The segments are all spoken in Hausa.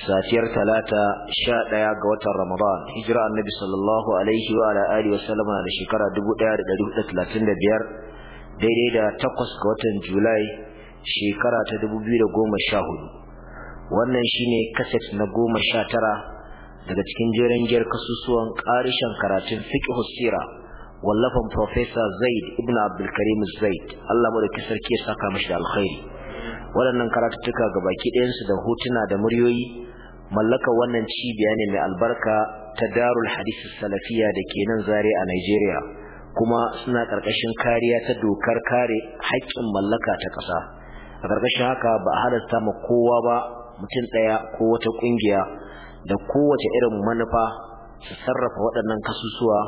safiyar talata sha ɗaya ga watan ramadan hijira annabi sallallahu alaihi wa ala alihi wasallam da shekara dubu ɗaya da ɗari hudu talatin da biyar daidai da takwas ga watan julai shekara ta dubu biyu da goma sha hudu wannan shine kaset na goma sha tara daga cikin jerin giyar kasusuwan ƙarishen karatun fiqhus sira wallafan professor zaid ibn abdulkarim zaid allah mu da sarki ya saka mashi da alkhairi waɗannan karatuttuka ga baki ɗayansu da hotuna da muryoyi mallaka wannan cibiya ne mai albarka ta darul hadisi salafiya da ke nan zare a Nigeria kuma suna ƙarƙashin kariya ta dokar kare haƙƙin mallaka ta ƙasa a ƙarƙashin haka ba a halasta ma kowa ba mutum ɗaya ko wata ƙungiya da kowace irin manufa su sarrafa waɗannan kasusuwa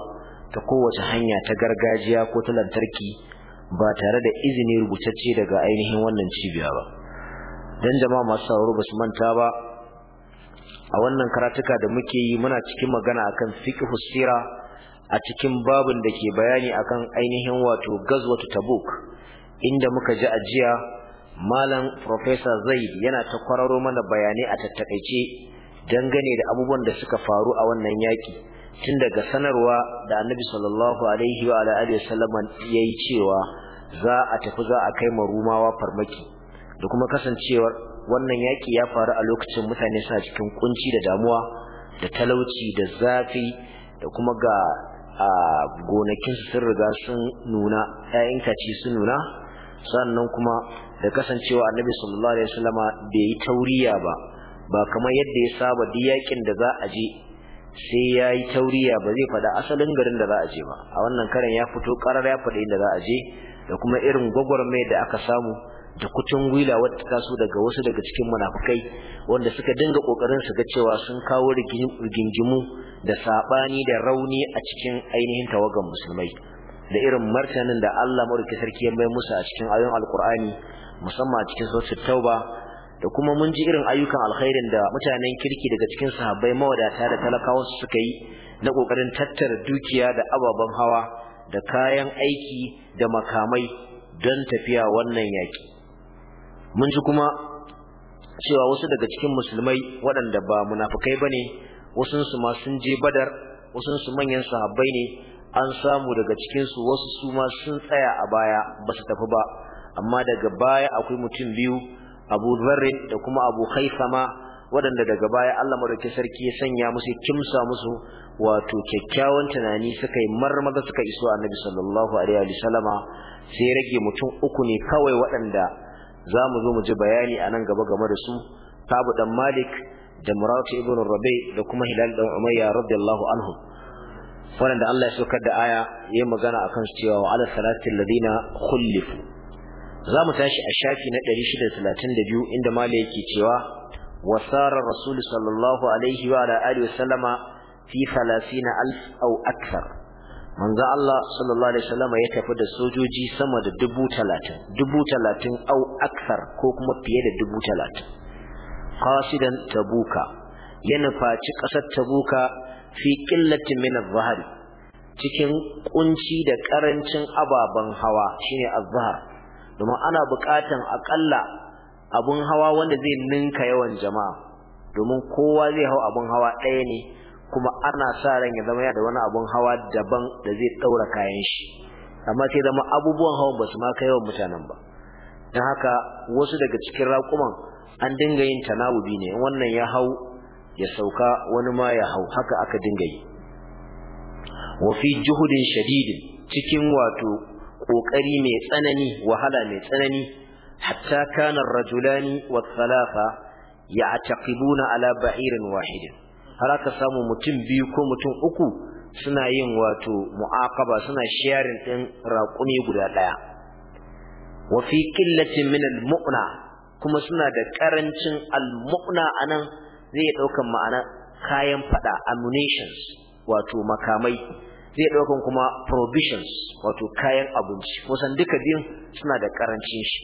ta kowace hanya ta gargajiya ko ta lantarki ba tare da izini rubutacce daga ainihin wannan cibiya ba dan jama'a masu sauraro ba su manta ba a wannan karatuka da muke yi muna cikin magana akan fiqhu sira a cikin babin da ke bayani akan ainihin wato gazwatu tabuk inda muka ji ajiya malam professor zaid yana ta kwararo mana bayanai a tattakaice dangane da abubuwan da suka faru a wannan yaki tun daga sanarwa da annabi sallallahu alaihi wa alihi wasallam yayi cewa za a tafi za a kai marumawa farmaki da kuma kasancewar wannan yaki ya faru a lokacin mutane suna cikin kunci da damuwa da talauci da zafi da kuma ga a gonakin sun riga sun nuna ƴaƴan kaci sun nuna sannan kuma da kasancewa annabi sallallahu alaihi wasallama bai yi tauriya ba ba kamar yadda ya saba duk yakin da za a je sai ya yi tauriya ba zai faɗa asalin garin da za a je ba a wannan karan ya fito ƙarar ya faɗi inda za a je da kuma irin gwagwarmai da aka samu da kutun gwila wadda ta so daga wasu daga cikin munafukai wanda suka dinga kokarin su ga cewa sun kawo rigingimu da sabani da rauni a cikin ainihin tawagan musulmai da irin martanin da Allah madaukakin sarki ya bai musu a cikin ayoyin alkur'ani musamman a cikin suratul tauba da kuma mun ji irin ayyukan alkhairin da mutanen kirki daga cikin sahabbai mawadata da talakawa suka yi na kokarin tattara dukiya da ababen hawa da kayan aiki da makamai don tafiya wannan yaki mun ji kuma cewa wasu daga cikin musulmai waɗanda ba munafukai bane wasu su ma sun je badar wasu su manyan sahabbai ne an samu daga cikin wasu su ma sun tsaya a baya ba su tafi ba amma daga baya akwai mutum biyu Abu Dharr da kuma Abu Khaisama waɗanda daga baya Allah madaukakin sarki ya sanya musu kimsa musu wato kyakkyawan tunani suka yi marmaza suka iso Annabi sallallahu alaihi sai rage mutum uku ne kawai waɗanda za mu zo mu ji bayani a nan gaba game da su tabu dan malik da muratu ibn rabi da kuma hilal dan umayya radiyallahu anhu da Allah ya saukar da aya ya yi magana akan su cewa wa ala salati alladina khulifu za mu tashi a shafi na 632 inda malik yake cewa wa sara rasul sallallahu alaihi wa ala alihi wa sallama fi 30000 aw akthar manzo Allah sallallahu alaihi wasallam ya tafi da sojoji sama da dubu talatin dubu talatin au aksar ko kuma fiye da dubu talatin qasidan tabuka ya nufaci ƙasar tabuka fi qillatin min az-zahr cikin kunci da karancin ababen hawa shine az-zahr domin ana buƙatan akalla abun hawa wanda zai ninka yawan jama'a domin kowa zai hau abun hawa ɗaya ne kuma ana sa ran ya zama ya da wani abun hawa daban da zai daura kayan shi amma sai zama abubuwan hawan ba su ma kai yawan mutanen ba dan haka wasu daga cikin raƙuman an dinga yin tanawubi ne wannan ya hau ya sauka wani ma ya hau haka aka dinga yi wa fi juhudin shadidin cikin wato kokari mai tsanani wahala mai tsanani hatta kana rajulani wa thalatha ya'taqibuna ala ba'irin wahidin har aka samu mutum biyu ko mutum uku suna yin wato mu'aqaba suna sharing din raƙumi guda daya wa fi qillatin min al-mu'na kuma suna da karancin al-mu'na anan zai daukan ma'ana kayan fada ammunitions wato makamai zai daukan kuma provisions wato kayan abinci kusan duka din suna da karancin shi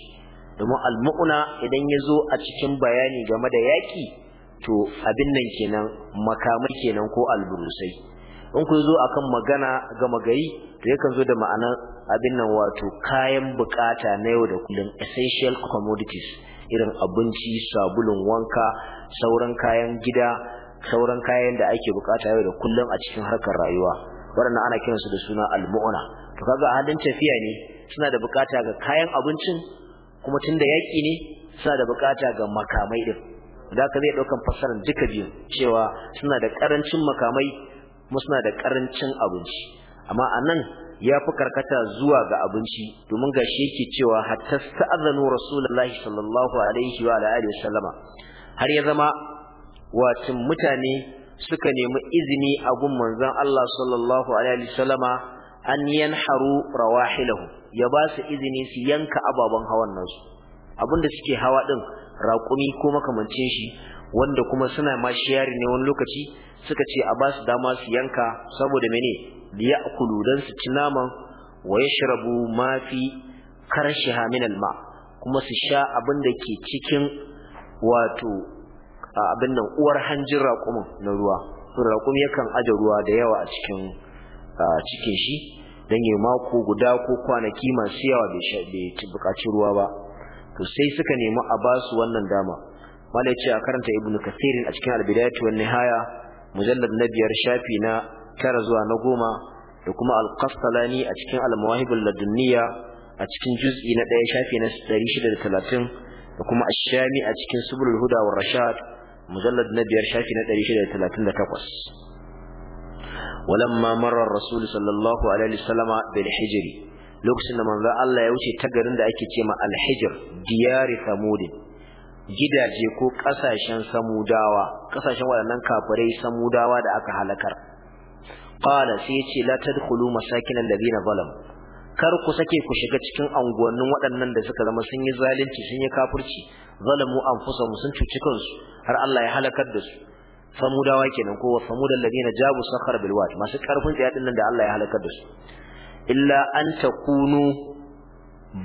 domin al-mu'na idan yazo a cikin bayani game da yaki to abin nan kenan makamai kenan ko alburusai in ku zo akan magana gama gari to yakan zo da ma'anar abin nan wato kayan bukata na yau da kullum essential commodities irin abinci sabulun wanka sauran kayan gida sauran kayan da ake bukata yau da kullum a cikin harkar rayuwa waɗannan ana kiransu da suna almu'una to kaga a halin tafiya ne suna da bukata ga kayan abincin kuma tunda yaki ne suna da bukata ga makamai din da zai daukan fassarar duka biyu cewa suna da karancin makamai kuma suna da karancin abinci amma anan ya fi karkata zuwa ga abinci domin ga shi yake cewa hatta sta'azanu rasulullahi sallallahu alaihi wa alihi wasallama har ya zama wacin mutane suka nemi izini a gun manzon Allah sallallahu alaihi sallama an yanharu rawahilahu ya ba su izini su yanka ababen hawan nasu abinda suke hawa din raƙumi ko makamancin shi wanda kuma suna ma shiyari ne wani lokaci suka ce a ba su dama su yanka saboda mene liya akulu dan su ci naman wa yashrabu ma fi karshiha min alma kuma su sha abin da ke cikin wato abin nan uwar hanjin raƙumin na ruwa raƙumi yakan aje ruwa da yawa a cikin cikin shi dan ya mako guda ko kwanaki masu yawa bai buƙaci ruwa ba to sai suka nemi a ba su wannan dama malai ce a karanta ibnu kathir a cikin al-bidayatu wan nihaya mujallad na biyar shafi na tara zuwa na goma da kuma al-qastalani a cikin al-mawahib al-ladunniya a cikin juz'i na ɗaya shafi na shida da talatin da kuma ash-shami a cikin subulul huda war rashad mujallad na biyar shafi na shida da talatin 638 ولما مر الرسول صلى الله عليه وسلم بالحجر lokacin da manzo Allah ya wuce ta garin da ake cewa al-hijr diyar samud gidaje ko kasashen samudawa kasashen waɗannan kafirai samudawa da aka halakar qala sai ya ce la tadkhulu masakin alladhina zalam kar ku sake ku shiga cikin anguwannin waɗannan da suka zama sun yi zalunci sun yi kafirci zalamu anfusahum sun cuci kansu har Allah ya halakar da su samudawa kenan ko samudan ladina jabu sakhar bilwat, masu karfin tsaya nan da Allah ya halakar da su illa an takunu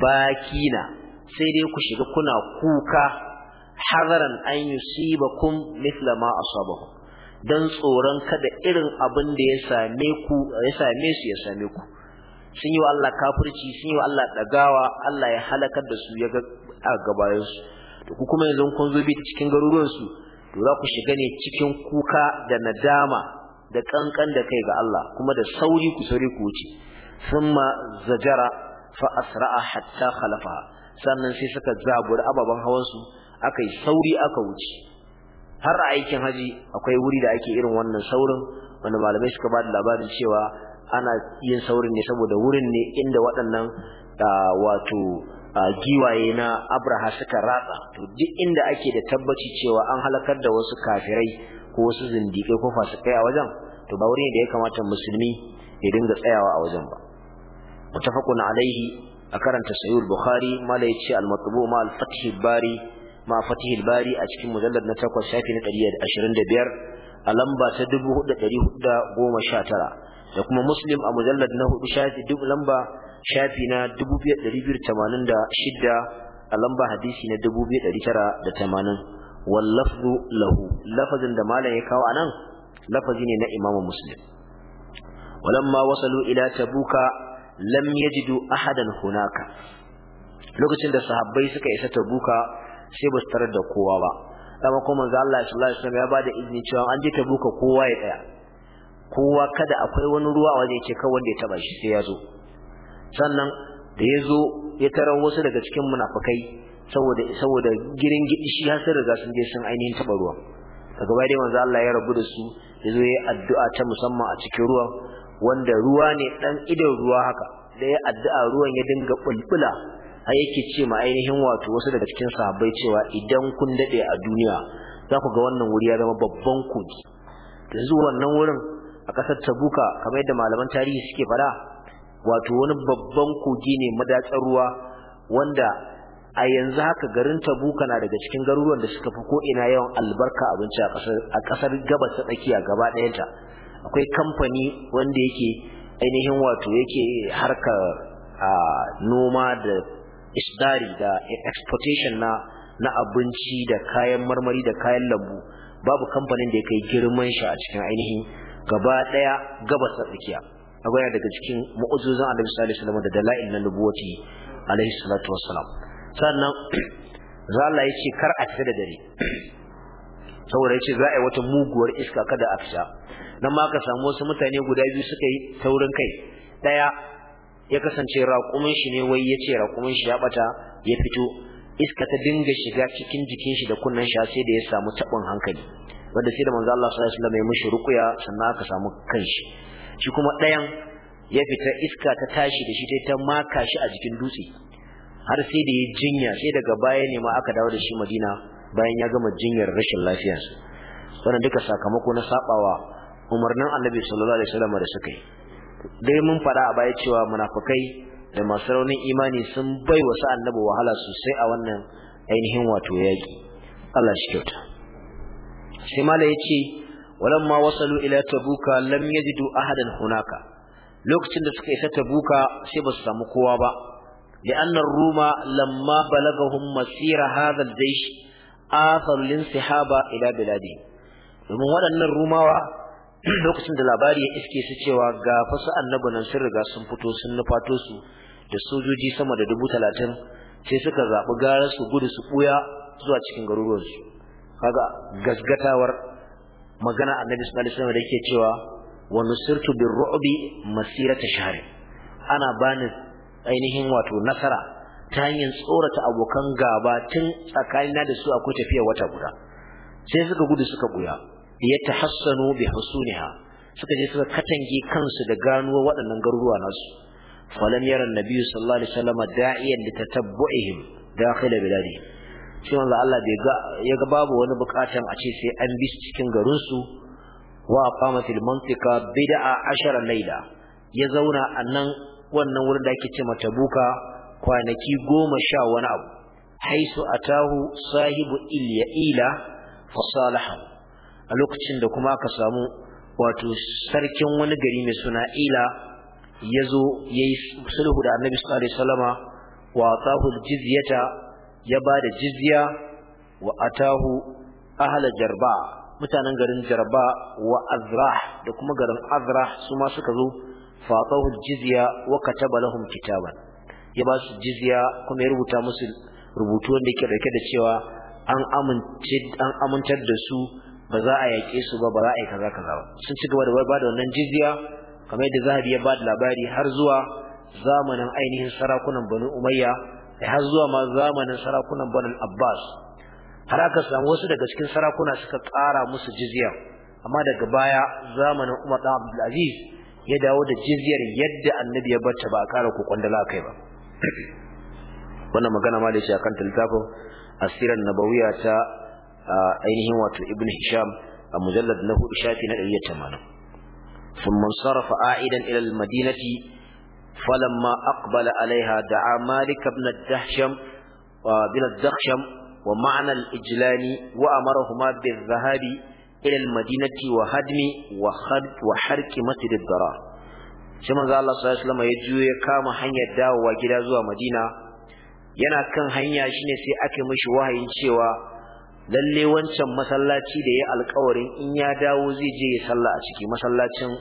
bakina sai dai ku shiga kuna kuka hazaran an yi kun mithla ma asabahu dan tsoron kada irin abin da ya same su ya same ku sun yi wa Allah kafirci sun yi wa Allah dagawa Allah ya halakar da su ya ga gabayen su ku kuma yanzu kun zo bi cikin garuruwansu, to za ku shiga ne cikin kuka da nadama da kankan da kai ga Allah kuma da sauri ku sauri ku wuce ثم zajara fa حتى hatta khalafa sannan sai suka zaburi ababen hawan su yi sauri aka wuce har a aikin haji akwai wuri da ake irin wannan saurin wanda malamai suka ba da labarin cewa ana yin saurin ne saboda wurin ne inda waɗannan wato giwaye na abraha suka ratsa to duk inda ake da tabbaci cewa an halakar da wasu kafirai ko wasu zindiƙai ko fasikai a wajen to ba wurin da ya kamata musulmi bai dinga tsayawa a wajen ba alaihi a karanta sahih bukhari mala yace al-matbu ma al-fath bari ma fath bari a cikin mujallad na 8 shafi na 125 a lamba ta 4419 da kuma muslim a mujallad na 4 shafi duk lamba shafi na 2286 a lamba hadisi na 2980 wallafzu lahu lafazin da malam ya kawo anan lafazi ne na imamu muslim walamma wasalu ila tabuka lam yajidu ahadan hunaka lokacin da sahabbai suka isa tabuka sai ba su tarar da kowa ba dama kuma manzo Allah sallallahu alaihi wasallam ya bada izini cewa an je tabuka kowa ya tsaya kowa kada akwai wani ruwa waje ce kawai wanda ya taba shi sai ya zo sannan da ya zo ya tarar wasu daga cikin munafikai saboda saboda girin gidi shi har sai riga sun je sun ainihin taba ruwa daga baya dai manzo Allah ya rabu da su ya zo ya addu'a ta musamman a cikin ruwan wanda ruwa ne dan idan ruwa haka da ya addu'a ruwan ya dinga bulbula har yake ce ma ainihin wato wasu daga cikin sahabbai cewa idan kun dade a duniya za ku ga wannan wuri ya zama babban kogi zuwa wannan wurin a kasar Tabuka kamar yadda malaman tarihi suke fada wato wani babban kogi ne madatsar ruwa wanda a yanzu haka garin Tabuka na daga cikin garuruwan da suka fi ko ina yawan albarka abinci a ƙasar gabas ta tsakiya gaba ɗayanta akwai kamfani wanda yake ainihin wato yake harka a noma da isdari da exportation na na abinci da kayan marmari da kayan lambu babu kamfanin da ya kai girman shi a cikin ainihin gaba daya gabas tsakiya akwai daga cikin mu'ujizan Annabi sallallahu alaihi wasallam da dalail na nubuwati alaihi salatu wassalam sannan za Allah ya ce kar a fita da dare saboda ya ce za a yi wata muguwar iska kada a fita nan ma ka samu wasu mutane guda biyu suka yi taurin kai daya ya kasance raƙumin shi ne wai yace raƙumin shi ya bata ya fito iska ta dinga shiga cikin jikin shi da kunnan shi sai da ya samu tabin hankali wanda sai da manzo Allah sallallahu alaihi wasallam ya mishi ruqya sannan aka samu kanshi shi kuma dayan ya fita iska ta tashi da shi ta maka shi a jikin dutse har sai da ya jinya sai daga baya ne ma aka dawo da shi Madina bayan ya gama jinyar rashin lafiyar lafiyarsa wannan duka sakamako na sabawa umarnin annabi sallallahu alaihi wasallam da suka yi dai mun faɗa a baya cewa munafikai da masu raunin imani sun bai wa sa annabi wahala sosai a wannan ainihin wato yaki Allah shi kyauta sai mala yace walamma wasalu ila tabuka lam yajidu ahadan hunaka lokacin da suka isa tabuka sai ba su samu kowa ba لأن الروم لما بلغهم مسير هذا الجيش آثر الانسحاب إلى بلادهم domin waɗannan rumawa lokacin da labari ya iske su cewa ga fasu annabi nan sun riga sun fito sun nufato su da sojoji sama da dubu talatin sai suka zaɓi gara su gudu su ɓuya zuwa cikin garuruwansu kaga gasgatawar magana annabi sallallahu alaihi wasallam da yake cewa wa nusirtu birru'bi masirata shahr ana bani ainihin wato nasara ta hanyar tsorata abokan gaba tun tsakanina da su akwai tafiya wata guda sai suka gudu suka buya yatahassanu bi husuniha suka je suka katange kansu da ganuwa waɗannan garuruwa nasu falam yara annabi sallallahu alaihi wasallam da'iyan li tatabbu'ihim dakhil biladi shi Allah bai ga ya ga babu wani bukatan a ce sai an bi cikin garin su wa qamatil mantika bid'a ashara layla ya zauna annan wannan wurin da yake ce mata buka kwanaki goma sha wani abu haisu atahu sahibu ilya ila fasalaha a lokacin da kuma aka samu wato sarkin wani gari mai suna ila ya zo ya yi sulhu da annabi sallallahu alaihi wasallama wa atahu jizyata ya ba da jizya wa atahu ahla jarba mutanen garin jarba wa azrah da kuma garin azrah su ma suka zo fa atahu jizya wa kataba lahum kitaban ya ba su jizya kuma ya rubuta musu rubutu wanda yake da cewa an amintar da su ba za a yaƙe su ba ba za a yi kaza kaza ba sun ci gaba da ba da wannan jizya kamar yadda zahabi ya ba da labari har zuwa zamanin ainihin sarakunan banu umayya da har zuwa ma zamanin sarakunan banu abbas har aka samu wasu daga cikin sarakuna suka ƙara musu jizya amma daga baya zamanin umar ɗan abdulaziz ya dawo da jizyar yadda annabi ya ta ba a ƙara a kai ba wannan magana ma shi akan littafin asirar nabawiya ta ainihin wato ibn hisham a mujallad na hudu shafi na ɗariyar tamanin sun mansara fa'a'idan ilal madinati falan ma aqbala alaiha da a malik ibn dahsham wa ma'anar al-ijlani wa amara huma bi zahabi ilal madinati wa hadmi wa harki masjidid dara shi manzo Allah sallallahu alaihi wasallam ya juye kama hanyar dawowa gida zuwa madina yana kan hanya shine sai ake mishi wahayin cewa lalle wancan masallaci da ya alƙawarin in ya dawo zai je ya salla a ciki masallacin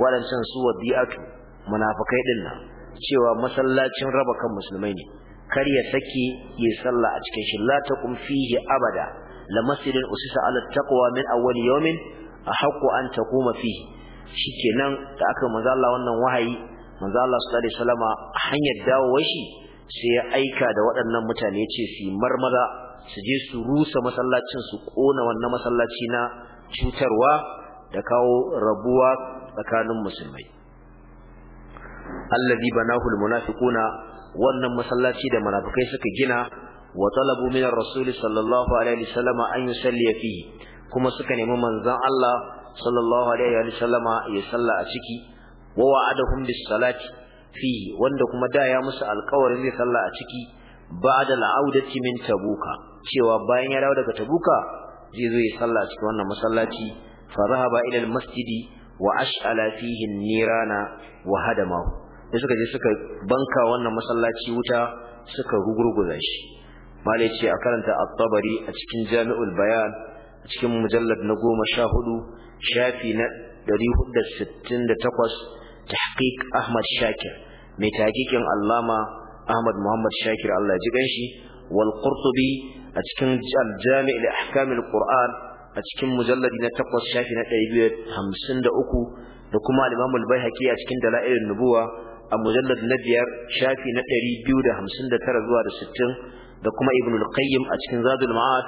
waɗancan su biatu munafikai din nan cewa masallacin raba kan musulmai ne kar ya saki ya salla a cikin shi la taqum fihi abada la masjidin usisa ala taqwa min awwal yawmin ahaqqu an taquma fihi shikenan da aka manzo Allah wannan wahayi manzo Allah sallallahu alaihi wasallama hanyar dawo shi sai ya aika da waɗannan mutane ce su marmaza su je su rusa masallacin su kona wannan masallaci na cutarwa da kawo rabuwa tsakanin musulmai allazi banahu almunafiquna wannan masallaci da munafikai suka gina wa talabu min ar-rasul sallallahu alaihi wasallam an yusalli fihi kuma suka nemi manzon Allah sallallahu alaihi wasallam ya salla a ciki wa wa'adahum bis-salati fi wanda kuma da ya musu alƙawarin zai salla a ciki ba'da al min tabuka cewa bayan ya dawo daga tabuka zai zo ya sallah cikin wannan masallaci fa zahaba ila almasjidi wa ash'ala fihi nirana wa hadamahu da suka je suka banka wannan masallaci wuta suka rugurguza shi malai ce a karanta at-tabari a cikin jami'ul bayan a cikin mujallad na goma sha hudu shafi na dari hudu da sittin da takwas tahqiq ahmad shakir mai takikin allama ahmad muhammad shakir allah ya ji ganshi wal a cikin al-jami' li quran a cikin mujalladi na 8 shafi na 253 da kuma al-imam al a cikin dalail an-nubuwa a mujallad na 5 shafi na 259 zuwa da 60 da kuma ibn al a cikin zadul ma'ad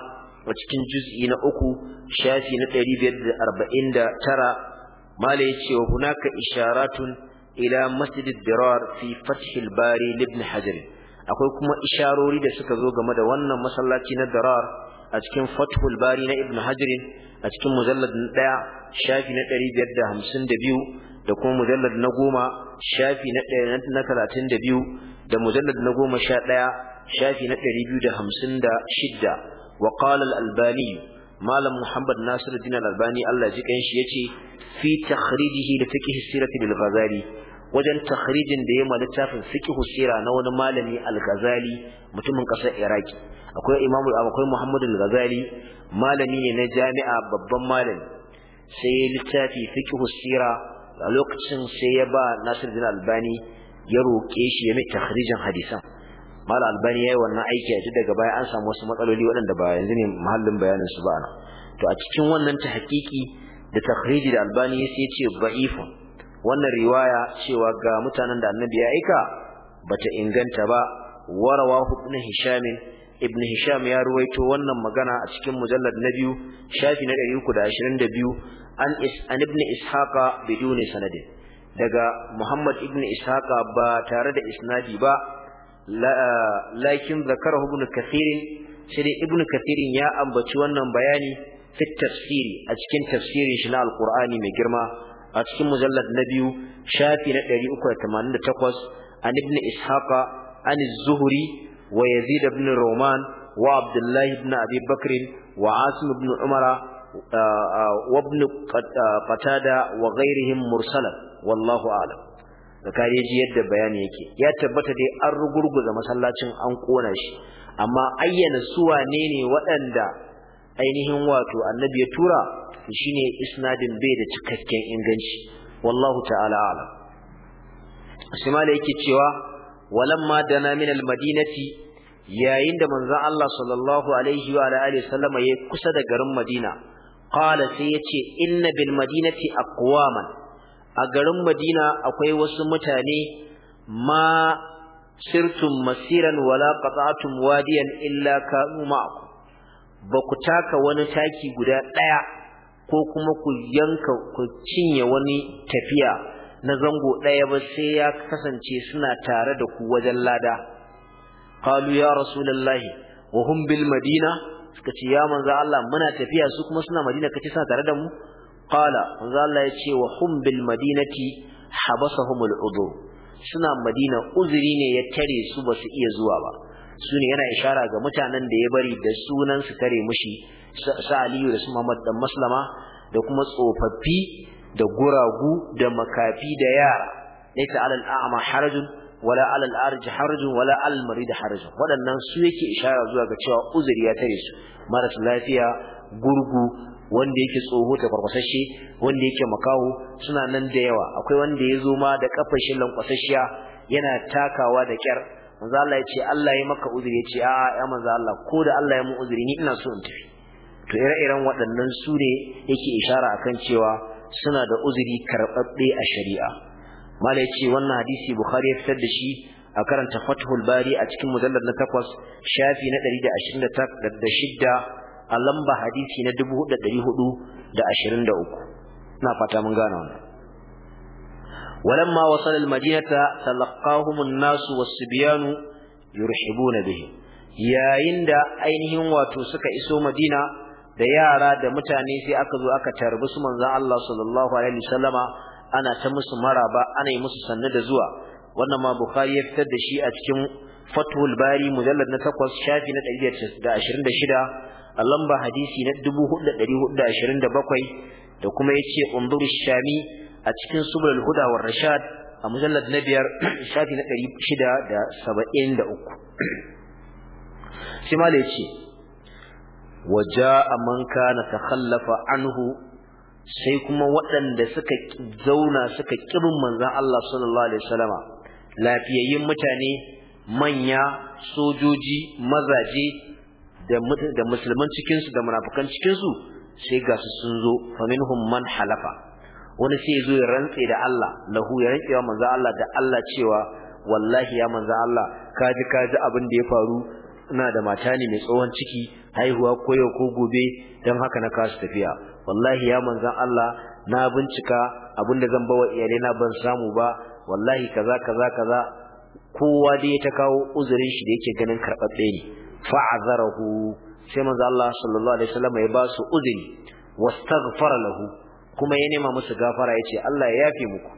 a cikin juz'i na 3 shafi na 549 ما ليتي وهناك إشارات إلى مسجد الدرار في فتح الباري لابن حجر akwai kuma isharori da suka zo game da wannan masallaci na darar a cikin fathul bari na Ibn hajirin a cikin mujallad na ɗaya shafi na ɗari biyar da hamsin da biyu da kuma mujallad na goma shafi na ɗaya na talatin da biyu da mujallad na goma sha ɗaya shafi na ɗari biyu da hamsin da shidda wa qala al-albani malam muhammad nasiruddin al-albani Allah ji kan shi yace fi takhrijihi li fiqh sirati bil-ghazali wajen takhrijin da yayi littafin fiqh sira na wani malami al-Ghazali mutumin kasar Iraki akwai Imam akwai Muhammad al-Ghazali malami ne na jami'a babban malami sai littafi fiqh a lokacin sai ya ba Nasiruddin Albani ya roke shi ya mai takhrijin hadisan Malam Albani yayi wannan aiki a daga baya an samu wasu matsaloli waɗanda ba yanzu ne muhallin bayanin su ba to a cikin wannan tahqiqi da takhriji da Albani sai ya ce da'ifun wannan riwaya cewa ga mutanen da annabi ya aika bata inganta ba warawahu ibn hisham ibn hisham ya ruwaito wannan magana a cikin mujallad na biyu shafi na 322 an is an ibn ishaqa biduni sanadin daga muhammad ibn ishaqa ba tare da isnadi ba lakin zakarahu ibn kathir sai ibn kathir ya ambaci wannan bayani fi tafsiri a cikin tafsirin shi na alqur'ani mai girma a cikin mujallad na biyu shafi na 388 an ibn ishaqa an az-zuhri wa yazid ibn roman wa abdullah ibn abi bakr wa asim ibn umara wa ibn qatada wa ghairihim mursalan wallahu a'lam zakari ji yadda bayani yake ya tabbata dai an rugurguza masallacin an kona shi amma ayyana su wane ne waɗanda ainihin wato annabi ya tura to shine isnadin bai da cikakken inganci wallahu ta'ala alam yake cewa walamma dana min almadinati yayin da manzon Allah sallallahu alaihi wa alihi sallama ya kusa da garin Madina qala sai yace inna bil madinati aqwaman a garin Madina akwai wasu mutane ma sirtum masiran wala qata'tum wadiyan illa kanu ma'akum ba ku taka wani taki guda ɗaya. ko kuma ku yanka ku cinye wani tafiya na zango ɗaya ba sai ya kasance suna tare da ku wajen lada qalu ya rasulullahi wa hum bil madina suka ce ya manzo Allah muna tafiya su kuma suna madina kace suna tare da mu qala manzo Allah ya ce wa hum bil madinati habasahumul udur suna madina uzuri ne ya tare su ba su iya zuwa ba su ne yana ishara ga mutanen da ya bari da sunan su tare mushi sa Aliyu da su Muhammad dan Maslama da kuma tsofaffi da guragu da makafi da yara laysa alal a'ma harajun wala alal arji harajun wala al marid harajun waɗannan su yake ishara zuwa ga cewa uzuri ya tare su marasa lafiya gurgu wanda yake tsoho ta farkwasashe wanda yake makaho suna nan da yawa akwai wanda ya zo ma da kafar shi lankwasasshiya yana takawa da kyar manzo Allah ya ce Allah ya maka uzuri ya ce "A'a ya manzo Allah ko da Allah ya mu uzuri ni ina so in tafi to ire-iren waɗannan su ne yake ishara akan cewa suna da uzuri karɓaɓɓe a shari'a mala ya ce wannan hadisi bukhari ya fitar da shi a karanta fathul bari a cikin mujallar na takwas shafi na ɗari da ashirin da shidda a lamba hadisi na dubu da ɗari hudu da ashirin da uku ina fata mun gane wannan ولما وصل المدينة تلقاهم الناس والصبيان يرحبون به yayin da ainihin wato suka iso Madina da yara da mutane sai aka zo aka tarbi su manzon Allah sallallahu alaihi wasallama ana ta musu maraba ana yi musu sanne da zuwa wannan ma bukhari ya fitar da shi a cikin fathul bari mujallad na 8 shafi na 126 a lamba hadisi na 4427 da kuma yace umdur shami a cikin subul huda war rashad a mujallad na biyar shafi na 673 shi ma da yace a man kana takhallafa anhu sai kuma waɗanda suka zauna suka kirin manzon Allah sallallahu alaihi wasallama lafiyayyin mutane manya sojoji mazaje da musulman cikin su da munafikan cikin sai ga su sun zo faminhum man halafa wani sai zo ya rantse da Allah lahu ya rantsewa manzon Allah da Allah cewa wallahi ya manzon Allah kaji kaji abin da ya faru ina da mata ne mai tsohon ciki haihuwa ko yau ko gobe don haka na kasu tafiya wallahi ya manzan Allah na bincika abinda zan bawa iyalai na ban samu ba wallahi kaza kaza kaza kowa da ya ta kawo uzurin shi da yake ganin karɓaɓɓe ne hu. sai manzan Allah sallallahu alaihi wasallam ya ba su uzuri wastaghfara lahu kuma ya nema musu gafara ya ce Allah ya yafe muku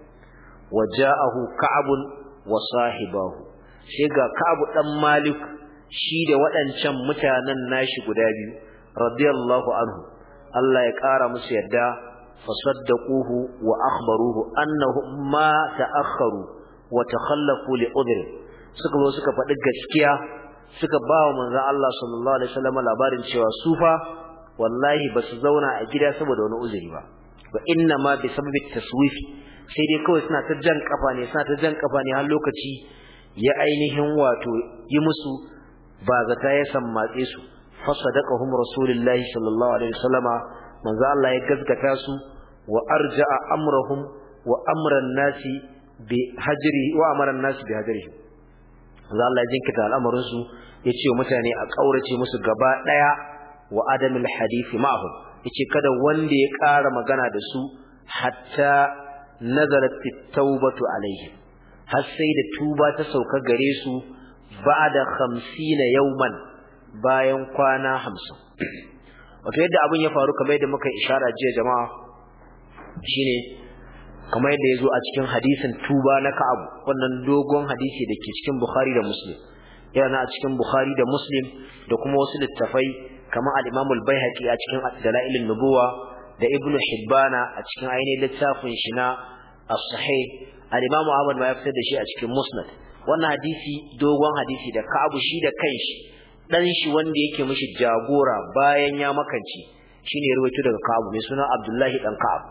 waja'ahu ka'ab wa sahibahu sai ga ka'ab dan malik shi da waɗancan mutanen nashi guda biyu radiyallahu anhu Allah ya ƙara musu yadda fasaddaquhu wa akhbaruhu annahum ma ta'akharu wa takhallafu li udhr suka zo suka faɗi gaskiya suka ba wa manzon Allah sallallahu alaihi wasallam labarin cewa Su fa, wallahi basu zauna a gida saboda wani uzuri ba wa inna ma bi sababi taswifi sai dai kawai suna ta jan kafa ne suna ta jan kafa ne har lokaci ya ainihin wato yi musu ba zata ya sammatse su fa sadaqahum rasulullahi sallallahu alaihi wasallama manzo Allah ya gaskata su wa arja'a amrahum wa amran nasi bi hajri wa amran nasi bi hajri manzo Allah ya jinkita al'amarin su yace mutane a kaurace musu gaba daya wa adamul hadith ma'hum yace kada wanda ya ƙara magana da su hatta nazarat at-taubatu alaihim har sai da tuba ta sauka gare su ba'da 50 yawman bayan kwana 50 wato yadda abin ya faru kamar yadda muka ishara jiya jama'a shine kamar yadda yazo a cikin hadisin tuba na Ka'ab wannan dogon hadisi dake cikin Bukhari da Muslim yana a cikin Bukhari da Muslim da kuma wasu littafai kamar al-Imam al-Baihaqi a cikin Dalailun Nubuwa da Ibn Hibbana a cikin ainihin littafin shi na As-Sahih al-Imam Ahmad ma ya fitar da shi a cikin Musnad wannan hadisi dogon hadisi da Ka'abu shi da kanshi dan shi wanda yake mishi jagora bayan ya makanci shine ruwaito daga Ka'abu mai suna Abdullahi dan Ka'ab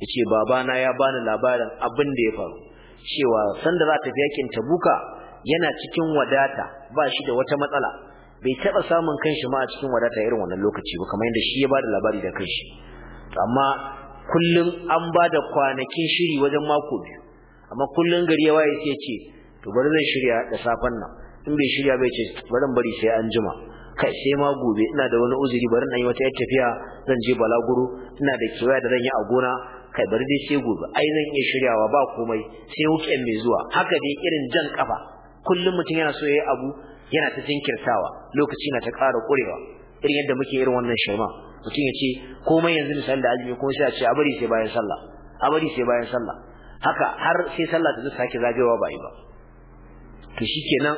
yace babana ya bani labarin abin da ya faru cewa sanda za ta tafi yakin Tabuka yana cikin wadata ba shi da wata matsala bai taba samun kanshi ma a cikin wadata irin wannan lokaci ba kamar yadda shi ya bada labari da kanshi amma kullum an bada kwanakin shiri wajen mako biyu amma kullum gari ya waye sai ce to bari zai shirya da safen nan in bai shirya bai ce bari bari sai an jima kai sai ma gobe ina da wani uzuri bari na yi wata yar tafiya zan je balaguro ina da kewaya da zan yi a gona kai bari dai sai gobe ai zan iya shiryawa ba komai sai weekend mai zuwa haka dai irin jan kafa kullum mutum yana so ya yi abu yana ta jinkirtawa lokaci na ta ƙara ƙurewa irin yadda muke irin wannan shema mutum ya ce komai yanzu misali da azumi kuma sai a ce a bari sai bayan sallah a bari sai bayan sallah haka har sai sallah ta zo sake zagayowa ba yi ba to shikenan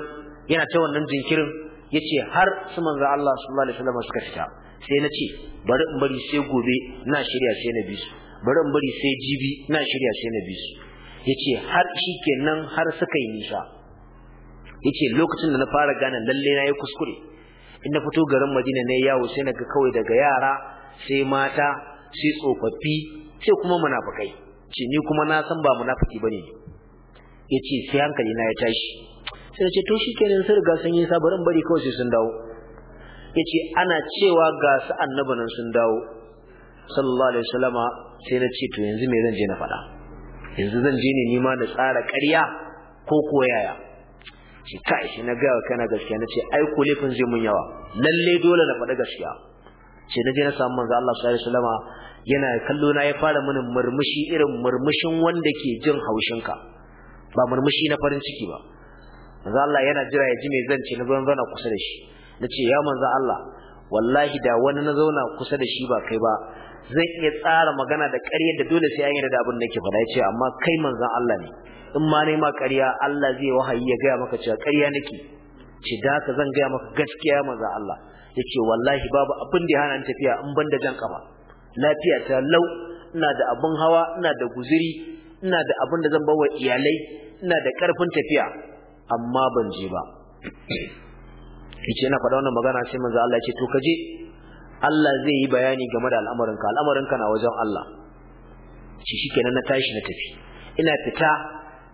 yana ta wannan jinkirin yace har su manzo Allah sallallahu alaihi wasallam suka fita sai na ce bari in bari sai gobe ina shirya sai na bi bari in bari sai jibi ina shirya sai na bi su yace har shikenan har suka yi nisa yace lokacin da na fara gane lalle na yi kuskure in na fito garin Madina na yawo sai na ga kawai daga yara sai mata sai tsofaffi sai kuma munafikai ce ni kuma na san ba munafiki bane yace sai hankali na ya tashi sai ce to shikenan sai ga sun yi sabarin bari kawai sai sun dawo yace ana cewa ga su annabi sun dawo sallallahu alaihi wasallama sai na ce to yanzu me zan je na faɗa yanzu zan je ne nima na tsara ƙarya ko koyaya shi kai shi na ga kana gaskiya nace ai ku laifin zai mun yawa lalle dole na fada gaskiya ce na je na samu manzo Allah sallallahu alaihi wasallama yana kallo na ya fara mini murmushi irin murmushin wanda ke jin haushinka ba murmushi na farin ciki ba manzo Allah yana jira ya ji me zan ce na zana kusa da shi nace ya manzo Allah wallahi da wani na zauna kusa da shi ba kai ba zan iya tsara magana da ƙarya da dole sai an yi da abin da nake faɗa yace amma kai manzo Allah ne in ma ne ma ƙarya Allah zai wahayi ya gaya maka cewa ƙarya nake ce da ka zan gaya maka gaskiya manzo Allah yace wallahi babu abin da ya hana ni tafiya in ban da jan kafa lafiya ta lau ina da abin hawa ina da guziri ina da abin da zan bawa iyalai ina da karfin tafiya amma ban je ba yace yana faɗa wannan magana sai manzo Allah yace to ka je Allah zai yi bayani game da al'amarinka al'amarinka na wajen Allah shi shikenan na tashi na tafi ina fita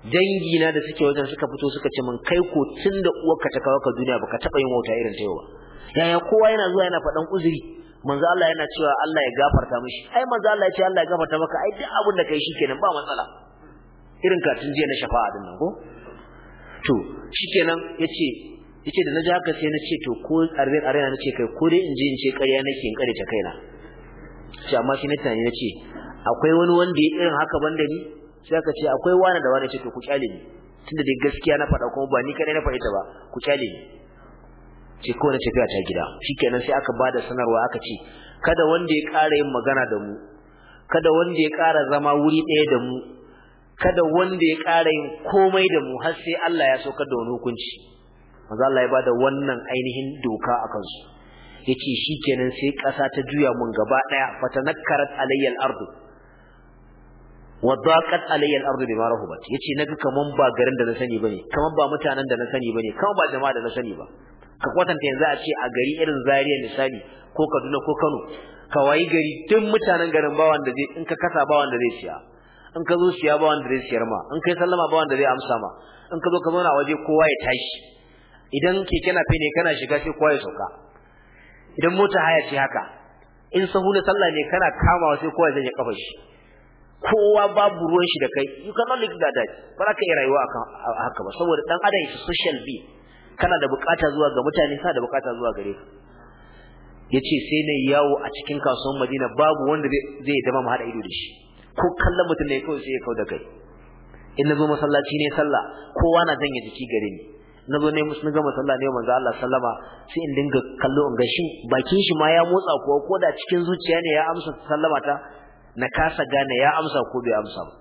dangi na da suke wajen suka fito suka ce min kai ko tunda uwarka ta kawo ka duniya baka taba yin wauta irin ta yawa ba yaya kowa yana zuwa yana faɗan uzuri manzo Allah yana cewa Allah ya gafarta mishi ai manzo Allah ya ce Allah ya gafarta maka ai duk abin da kai shikenan ba matsala irin katin jiya na shafa'a din nan ko to shikenan yace yace da naji haka sai nace to ko arbin arena nace kai ko dai in je in ce ƙarya nake in ƙare ta kaina sai amma sai na na nace akwai wani wanda ya irin haka banda ni sai aka ce akwai wani da wani ce to ku kyale ni tunda dai gaskiya na faɗa kuma ba ni kadai na faɗi ta ba ku kyale ni ce ko na tafiya ta gida shikenan sai aka bada sanarwa aka ce kada wanda ya ƙara yin magana da mu kada wanda ya ƙara zama wuri ɗaya da mu kada wanda ya ƙara yin komai da mu har sai Allah ya saukar da wani hukunci manzo Allah ya bada wannan ainihin doka a kansu yace shikenan sai ƙasa ta juya mun gaba daya fatanakkarat alayyal ardu wa daqat alayyal ardu bima rahubat yace naga kaman ba garin da na sani bane kaman ba mutanen da na sani bane kaman ba jama'a da na sani ba ka kwatanta yanzu a ce a gari irin Zaria misali ko Kaduna ko Kano ka wayi gari duk mutanen garin ba wanda zai in ka kasa ba wanda zai siya in ka zo siya ba wanda zai siyar ma in kai sallama ba wanda zai amsa ma in ka zo ka zauna waje kowa ya tashi idan keke nafe ne kana shiga sai kowa ya sauka idan mota haya ce haka in sahu na sallah ne kana kamawa sai kowa ya kafa shi kowa babu ruwan shi da kai you cannot live that day ba za ka iya rayuwa haka ba saboda dan adam is social being kana da bukata zuwa ga mutane kana da bukata zuwa gare ka yace sai na yawo a cikin kasuwar Madina babu wanda zai zama mu hada ido da shi ko kallon mutum ne kawai sai ya kau da kai in na zo masallaci ne sallah kowa na janye jiki gare ni na zo ne musu gama sallah ne manzo Allah sallama sai in dinga kallo in ga shi? bakin shi ma ya motsa kuwa ko da cikin zuciya ne ya amsa sallama ta na kasa gane ya amsa ko bai amsa ba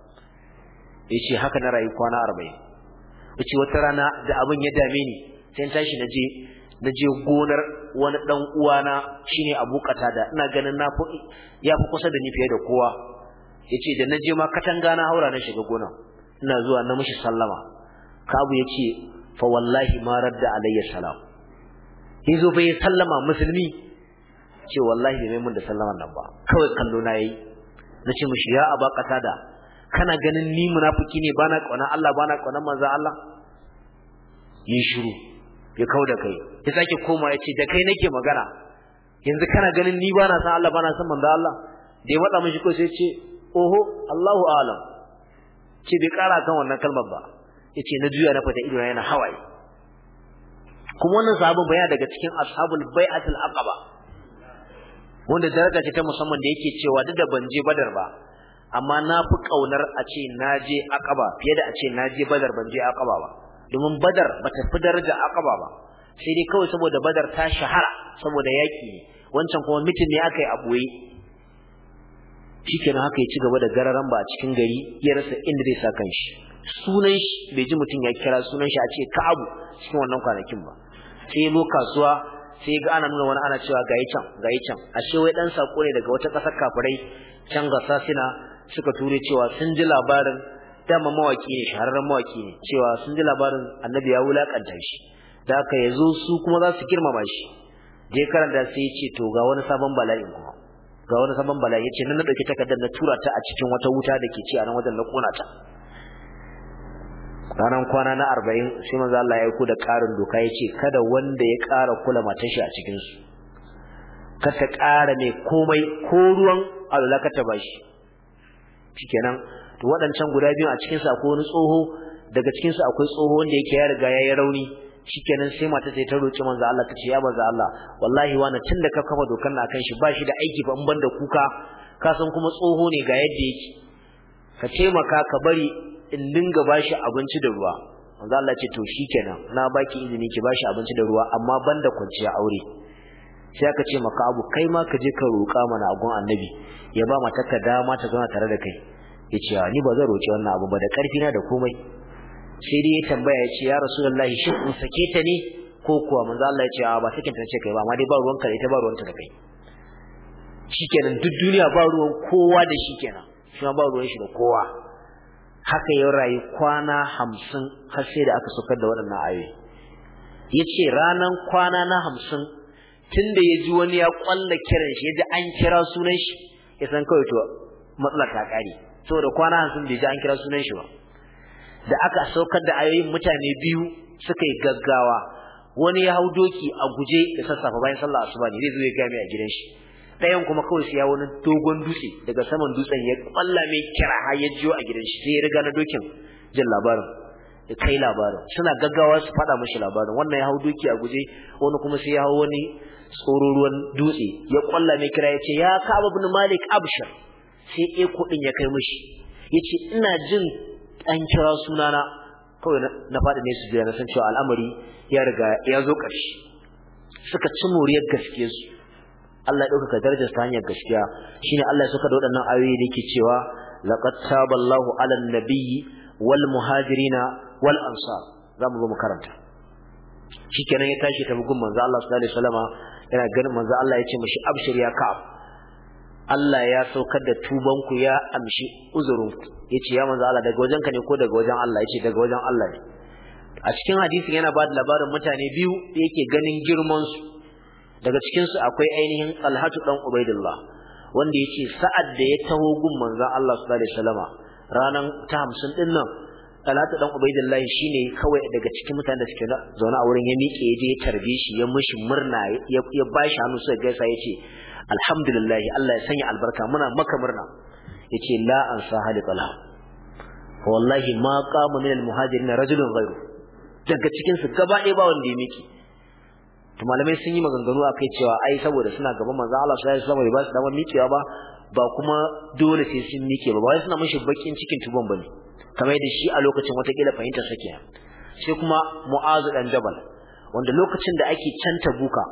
yace haka na rayu kwana 40 yace wata rana da abin ya dame ni sai tashi na je gonar wani dan uwana shine abokata da ina ganin na fi ya fi kusa da ni fiye da kowa yace da naje ma katanga na haura na shiga gona ina zuwa na mishi sallama kabu yace fa wallahi ma radda alayya salam yazo fa ya sallama musulmi ce wallahi bai mun da sallaman nan ba kawai kallo na yayi nace mishi ya aba da kana ganin ni munafiki ne bana kauna Allah bana kauna manzo Allah yi shiru ya da kai ya sake koma yace da kai nake magana yanzu kana ganin ni bana san Allah bana san manzo Allah da ya wada mishi ko sai ce oho Allahu a'lam ce bai kara kan wannan kalmar ba yace na juya na fata ido yana hawaye kuma wannan sabon baya daga cikin ashabul bai'atul aqaba wanda daraja ce ta musamman da yake cewa duk da ban je badar ba amma na fi kaunar a ce na aqaba fiye da a ce na badar ban je aqaba ba domin badar ba ta fi daraja aqaba ba sai dai kawai saboda badar ta shahara saboda yaki wancan kuma mitin ne aka yi a boye shikenan haka ya ci gaba da gararan ba a cikin gari ya rasa inda zai sa kanshi sunan shi bai ji mutum ya kira sunan shi a ce Ka'abu cikin wannan kwanakin ba sai lo kasuwa sai ga ana nuna wani ana cewa ga yi can ga yi can ashe wai dan sako ne daga wata kasar kafirai can gasa suna suka ture cewa sun ji labarin dama mawaki ne shahararren mawaki ne cewa sun ji labarin annabi ya wulakanta shi da ya zo su kuma za su girmama shi je karanta sai ya ce to ga wani sabon bala'in kuma ga wani sabon bala yace nan na dauki takardar na tura ta a cikin wata wuta da ke ci a nan wajen na kona ta ranar kwana na arba'in sai manzo Allah ya aiko da karin doka ya ce kada wanda ya kara kula mata shi a cikinsu kada kara ƙara komai ko ruwan alula ba ta bashi shikenan to waɗancan guda biyu a cikinsu akwai wani tsoho daga cikinsu akwai tsoho wanda yake ya riga ya yi rauni shikenan sai mata sai ta roki manzo Allah tace ya manzo Allah wallahi wani tun da ka kafa dokan na kan shi ba shi da aiki fa in banda kuka ka san kuma tsoho ne ga yadda yake ka taimaka ka bari in dinga bashi abinci da ruwa manzo Allah ce to shikenan na baki izini ki bashi abinci da ruwa amma banda kwanciya aure sai aka ce maka abu kai ma ka je ka roƙa mana agun annabi ya ba matarka dama ta zauna tare da kai yace ni ba zan roki wannan abu ba da karfi na da komai sai dai ya tambaya ya ce ya rasulullahi shin in sake ta ne ko kuwa manzo Allah ya ce a ba sakin ta ce kai ba amma dai ba ruwan ka ita ba ruwan ta kai shikenan duk duniya ba ruwan kowa da shikenan shi ba ruwan shi da kowa haka ya rayu kwana hamsin har sai da aka saukar da waɗannan ayoyi ya ce ranar kwana na hamsin tun da ya ji wani ya ƙwalla kiran shi ya ji an kira sunan shi ya san kawai to matsala ta ƙare saboda kwana hamsin bai ji an kira sunan shi ba da aka saukar da ayoyin mutane biyu suka yi gaggawa wani ya hau doki a guje da sassafa bayan sallah asuba ne zai zo ya gami a gidan shi ɗayan kuma kawai sai ya wani dogon dutse daga saman dutsen ya kwalla mai kira har ya jiyo a gidan shi sai ya riga na dokin jin labarin ya kai labarin suna gaggawa su faɗa mashi labarin wannan ya hau doki a guje wani kuma sai ya hau wani tsororuwan dutse ya kwalla mai kira ya ce ya ka ibn malik abshar sai eko kuɗin ya kai mishi yace ina jin an kira sunana kawai na faɗi ne su jira na san cewa al'amari ya riga ya zo ƙarshe suka ci gaskiya su. Allah ya ɗaukaka darajar ta hanyar gaskiya shine Allah ya saka da waɗannan ayoyi da yake cewa laqad taballahu 'alan nabiyyi wal muhajirina wal ansar zamu zo mu karanta shikenan ya tashi ta bugun manzo Allah sallallahu alaihi wasallama yana ganin manzo Allah ya ce mishi abshir ya ka Allah ya saukar da tubanku ya amshi uzurinku yace ya manzo Allah daga wajenka ne ko daga wajen Allah yace daga wajen Allah ne a cikin hadisin yana ba da labarin mutane biyu da yake ganin girman su daga cikin su akwai ainihin Talhatu dan Ubaidillah wanda yace sa'ad da ya taho gun manzo Allah sallallahu alaihi wasallama ranan ta 50 din nan Talhatu dan Ubaidillah shine kawai daga cikin mutane da suke zaune a wurin ya miƙe ya je ya shi ya mishi murna ya bashi hannu sai gaisa yace alhamdulillah Allah ya sanya albarka muna maka murna yace la an sa talha wallahi ma qama min al muhajirin rajulun ghayru daga cikin su gaba ɗaya ba wanda ya miki to malamai sun yi maganganu akai cewa ai saboda suna gaban manzo Allah sai su wasallam ba su damar mikewa ba ba kuma dole sai sun mike ba wai suna mishi bakin cikin tuban bane kamar da shi a lokacin wata kila fahimtar sake sai kuma mu'azu dan jabal wanda lokacin da ake canta buka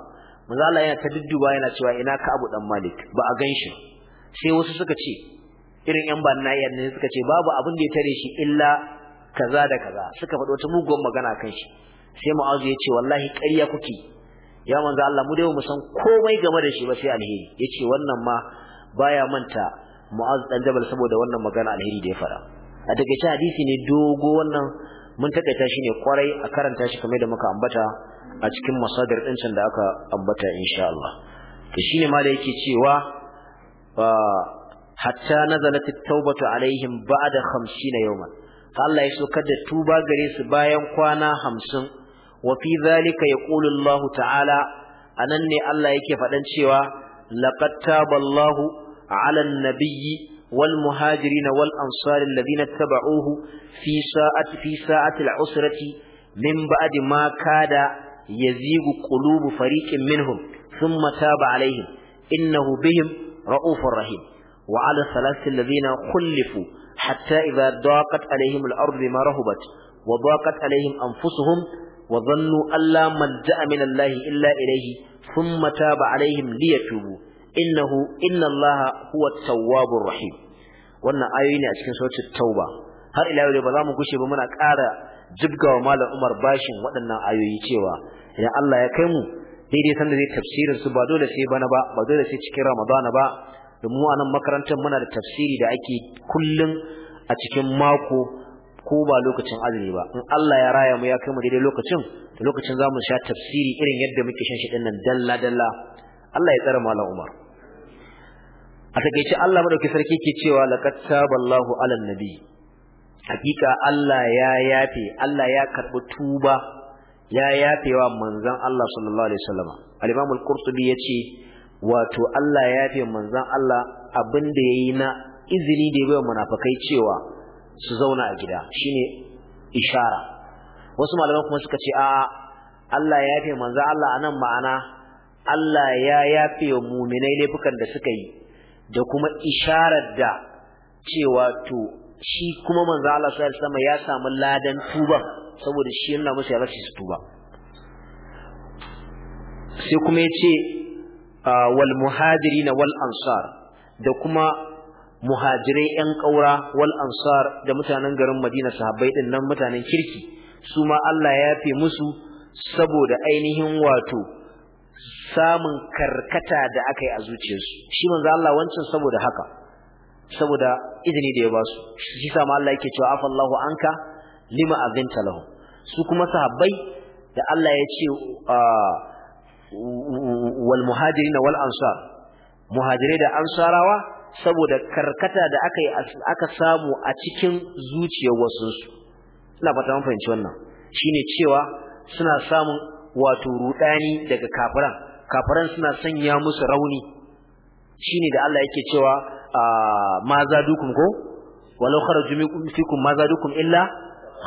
manzo Allah yana ta dudduba yana cewa ina ka abu dan malik ba a ganshi sai wasu suka ce irin yan bannayan ne suka ce babu abin da ya tare shi illa kaza da kaza suka faɗo ta mugun magana kan shi sai mu'azu ya ce wallahi ƙarya kuke ya manzo Allah mu dai mu san komai game da shi ba sai alheri Ya ce wannan ma baya manta mu'azu dan jabal saboda wannan magana alheri da ya fara a dagaice hadisi ne dogo wannan mun takaita shi ne kwarai a karanta shi kamar da muka ambata a cikin masadar din can da aka ambata insha Allah to shine ma da yake cewa ah, hatta nazalat at-taubatu alaihim ba'da 50 yawman fa Allah ya saukar da tuba gare su bayan kwana hamsin, wa fi zalika yaqulu Allah ta'ala anan ne Allah yake faɗan cewa laqad taballahu 'ala nabiyyi والمهاجرين والأنصار الذين اتبعوه في ساعة في ساعة العسرة من بعد ما كاد يزيغ قلوب فريق منهم ثم تاب عليهم إنه بهم رؤوف رحيم وعلى الثلاث الذين خلفوا حتى إذا ضاقت عليهم الأرض بما رهبت وضاقت عليهم أنفسهم وظنوا أن لا ملجأ من الله إلا إليه ثم تاب عليهم ليتوبوا إنه إن الله هو التواب الرحيم wannan ayoyi ne a cikin sautin tauba har ila yau ba za mu gushe ba muna kara jibga wa malam umar bashin waɗannan ayoyi cewa idan allah ya kai mu daidai sanda zai tafsirin su ba dole sai bana ba ba dole sai cikin ramadana ba da a nan makarantar muna da tafsiri da ake kullum a cikin mako ko ba lokacin azumi ba in Allah ya raya mu ya kai mu daidai lokacin da lokacin za mu sha tafsiri irin yadda muke shan shi din nan dalla dalla Allah ya tsare malam Umar a takeice Allah madauki sarki ke cewa laqad taballahu ala nabi hakika Allah ya yafe Allah ya karbi tuba ya yafewa manzon Allah sallallahu alaihi wasallam al-Imam al-Qurtubi yace wato Allah ya yafe manzan Allah abin da yi na izini da ya yayi manafakai cewa su zauna a gida shine ishara wasu malaman kuma suka ce a Allah ya yafe manzan Allah A nan ma'ana Allah ya yafe wa mu'minai laifukan da suka yi da kuma isharar da cewa to shi kuma manzan Allah sallallahu sama ya samu ladan tuba saboda shi yana musu ya rashi su tuba sai kuma yace wal na wal ansar da kuma muhajirai yan ƙaura, wal ansar da mutanen garin Madina sahabbai din nan mutanen kirki su ma Allah ya yafe musu saboda ainihin wato samun karkata da aka yi a zuciyarsu shi manzo Allah wancan saboda haka saboda izini da ya ba su shi sa ma Allah yake cewa afallahu anka lima azinta lahu su kuma sahabbai da Allah ya ce wal muhajirin wal ansar muhajirai da ansarawa saboda karkata da aka aka samu a cikin zuciyar wasu ina fata mun fahimci wannan shine cewa suna samun wato rudani daga kafiran kafiran suna sanya musu rauni shine da Allah yake cewa ma zadukum ko walau kharaju minkum ma zadukum illa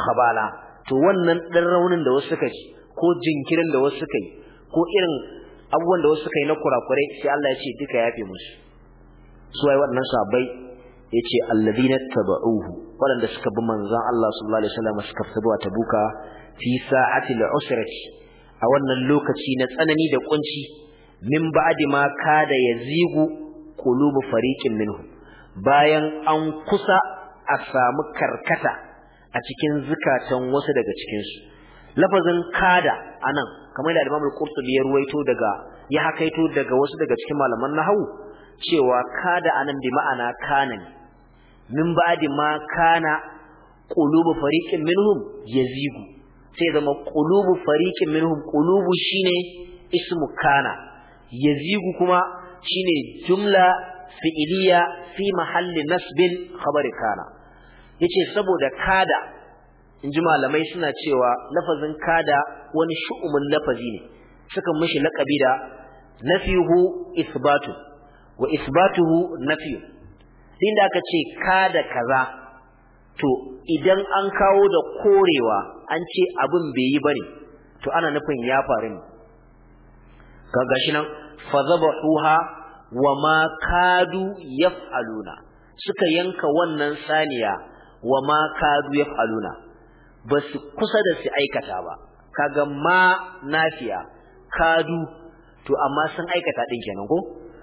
khabala to wannan dan raunin da wasu suka ko jinkirin da wasu suka yi ko irin abubuwan da wasu suka yi na kurakurai sai Allah ya ce duka yafe musu su wai waɗannan sahabbai yace na tabauhu waɗanda suka bi manzon Allah sallallahu alaihi wasallam suka fita zuwa Tabuka fi sa'atil usrati a wannan lokaci na tsanani da kunci min ba'di ma kada yazigu qulubu fariqin minhum bayan an kusa a samu karkata a cikin zukatan wasu daga cikinsu. su lafazin kada anan kamar da Imam al-Qurtubi ya ruwaito daga ya hakaito daga wasu daga cikin malaman nahwu cewa kada anan bi ma'ana kana min ba'di ma kana qulubu fariqin minhum yazigu sai zama qulubu fariqin minhum qulubu shine ismu kana yazigu kuma shine jumla fi'iliya fi mahalli nasbin khabari kana yace saboda kada in ji malamai suna cewa lafazin kada wani shu'umin lafazi ne suka mishi laƙabi da nafihu isbatu wa isbatuhu nafiyu da aka ce kada kaza to idan an kawo da korewa an ce abin bai yi bane to ana nufin ya faru ne ga gashi nan zabahuha wa ma kadu yaf'aluna suka yanka wannan saniya wa ma kadu yaf'aluna ba su kusa da su aikata ba kaga ma nafiya kadu to amma sun aikata din kenan ko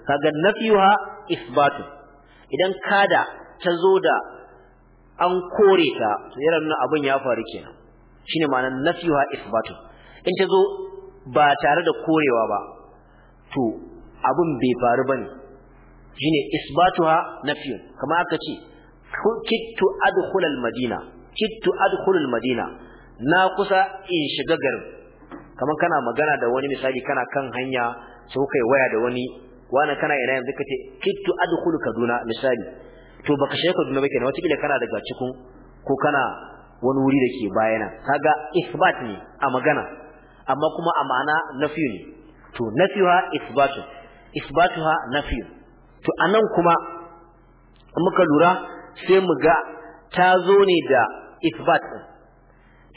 kaga nafiyuha isbatu idan kada ta zo da an kore ta to irin nan abin ya faru kenan shine ma'anar nafiyuha isbatu in ta zo ba tare da korewa ba to abin bai faru bane shine isbatuha nafiyun kamar aka ce kittu adkhula madina kittu adkhulul madina na kusa in shiga garin kamar kana magana da wani misali kana kan hanya sai kai waya da wani wani kana ina yanzu kace kittu adkhulu kaduna misali to baka shiga kaduna ba kenan wata kila kana daga cikin ko kana wani wuri dake bayana kaga isbat ne a magana amma kuma a ma'ana nafi ne to nafiha isbatu isbatuha nafi to anan kuma muka lura sai mu ga ta zo ne da isbat ɗin,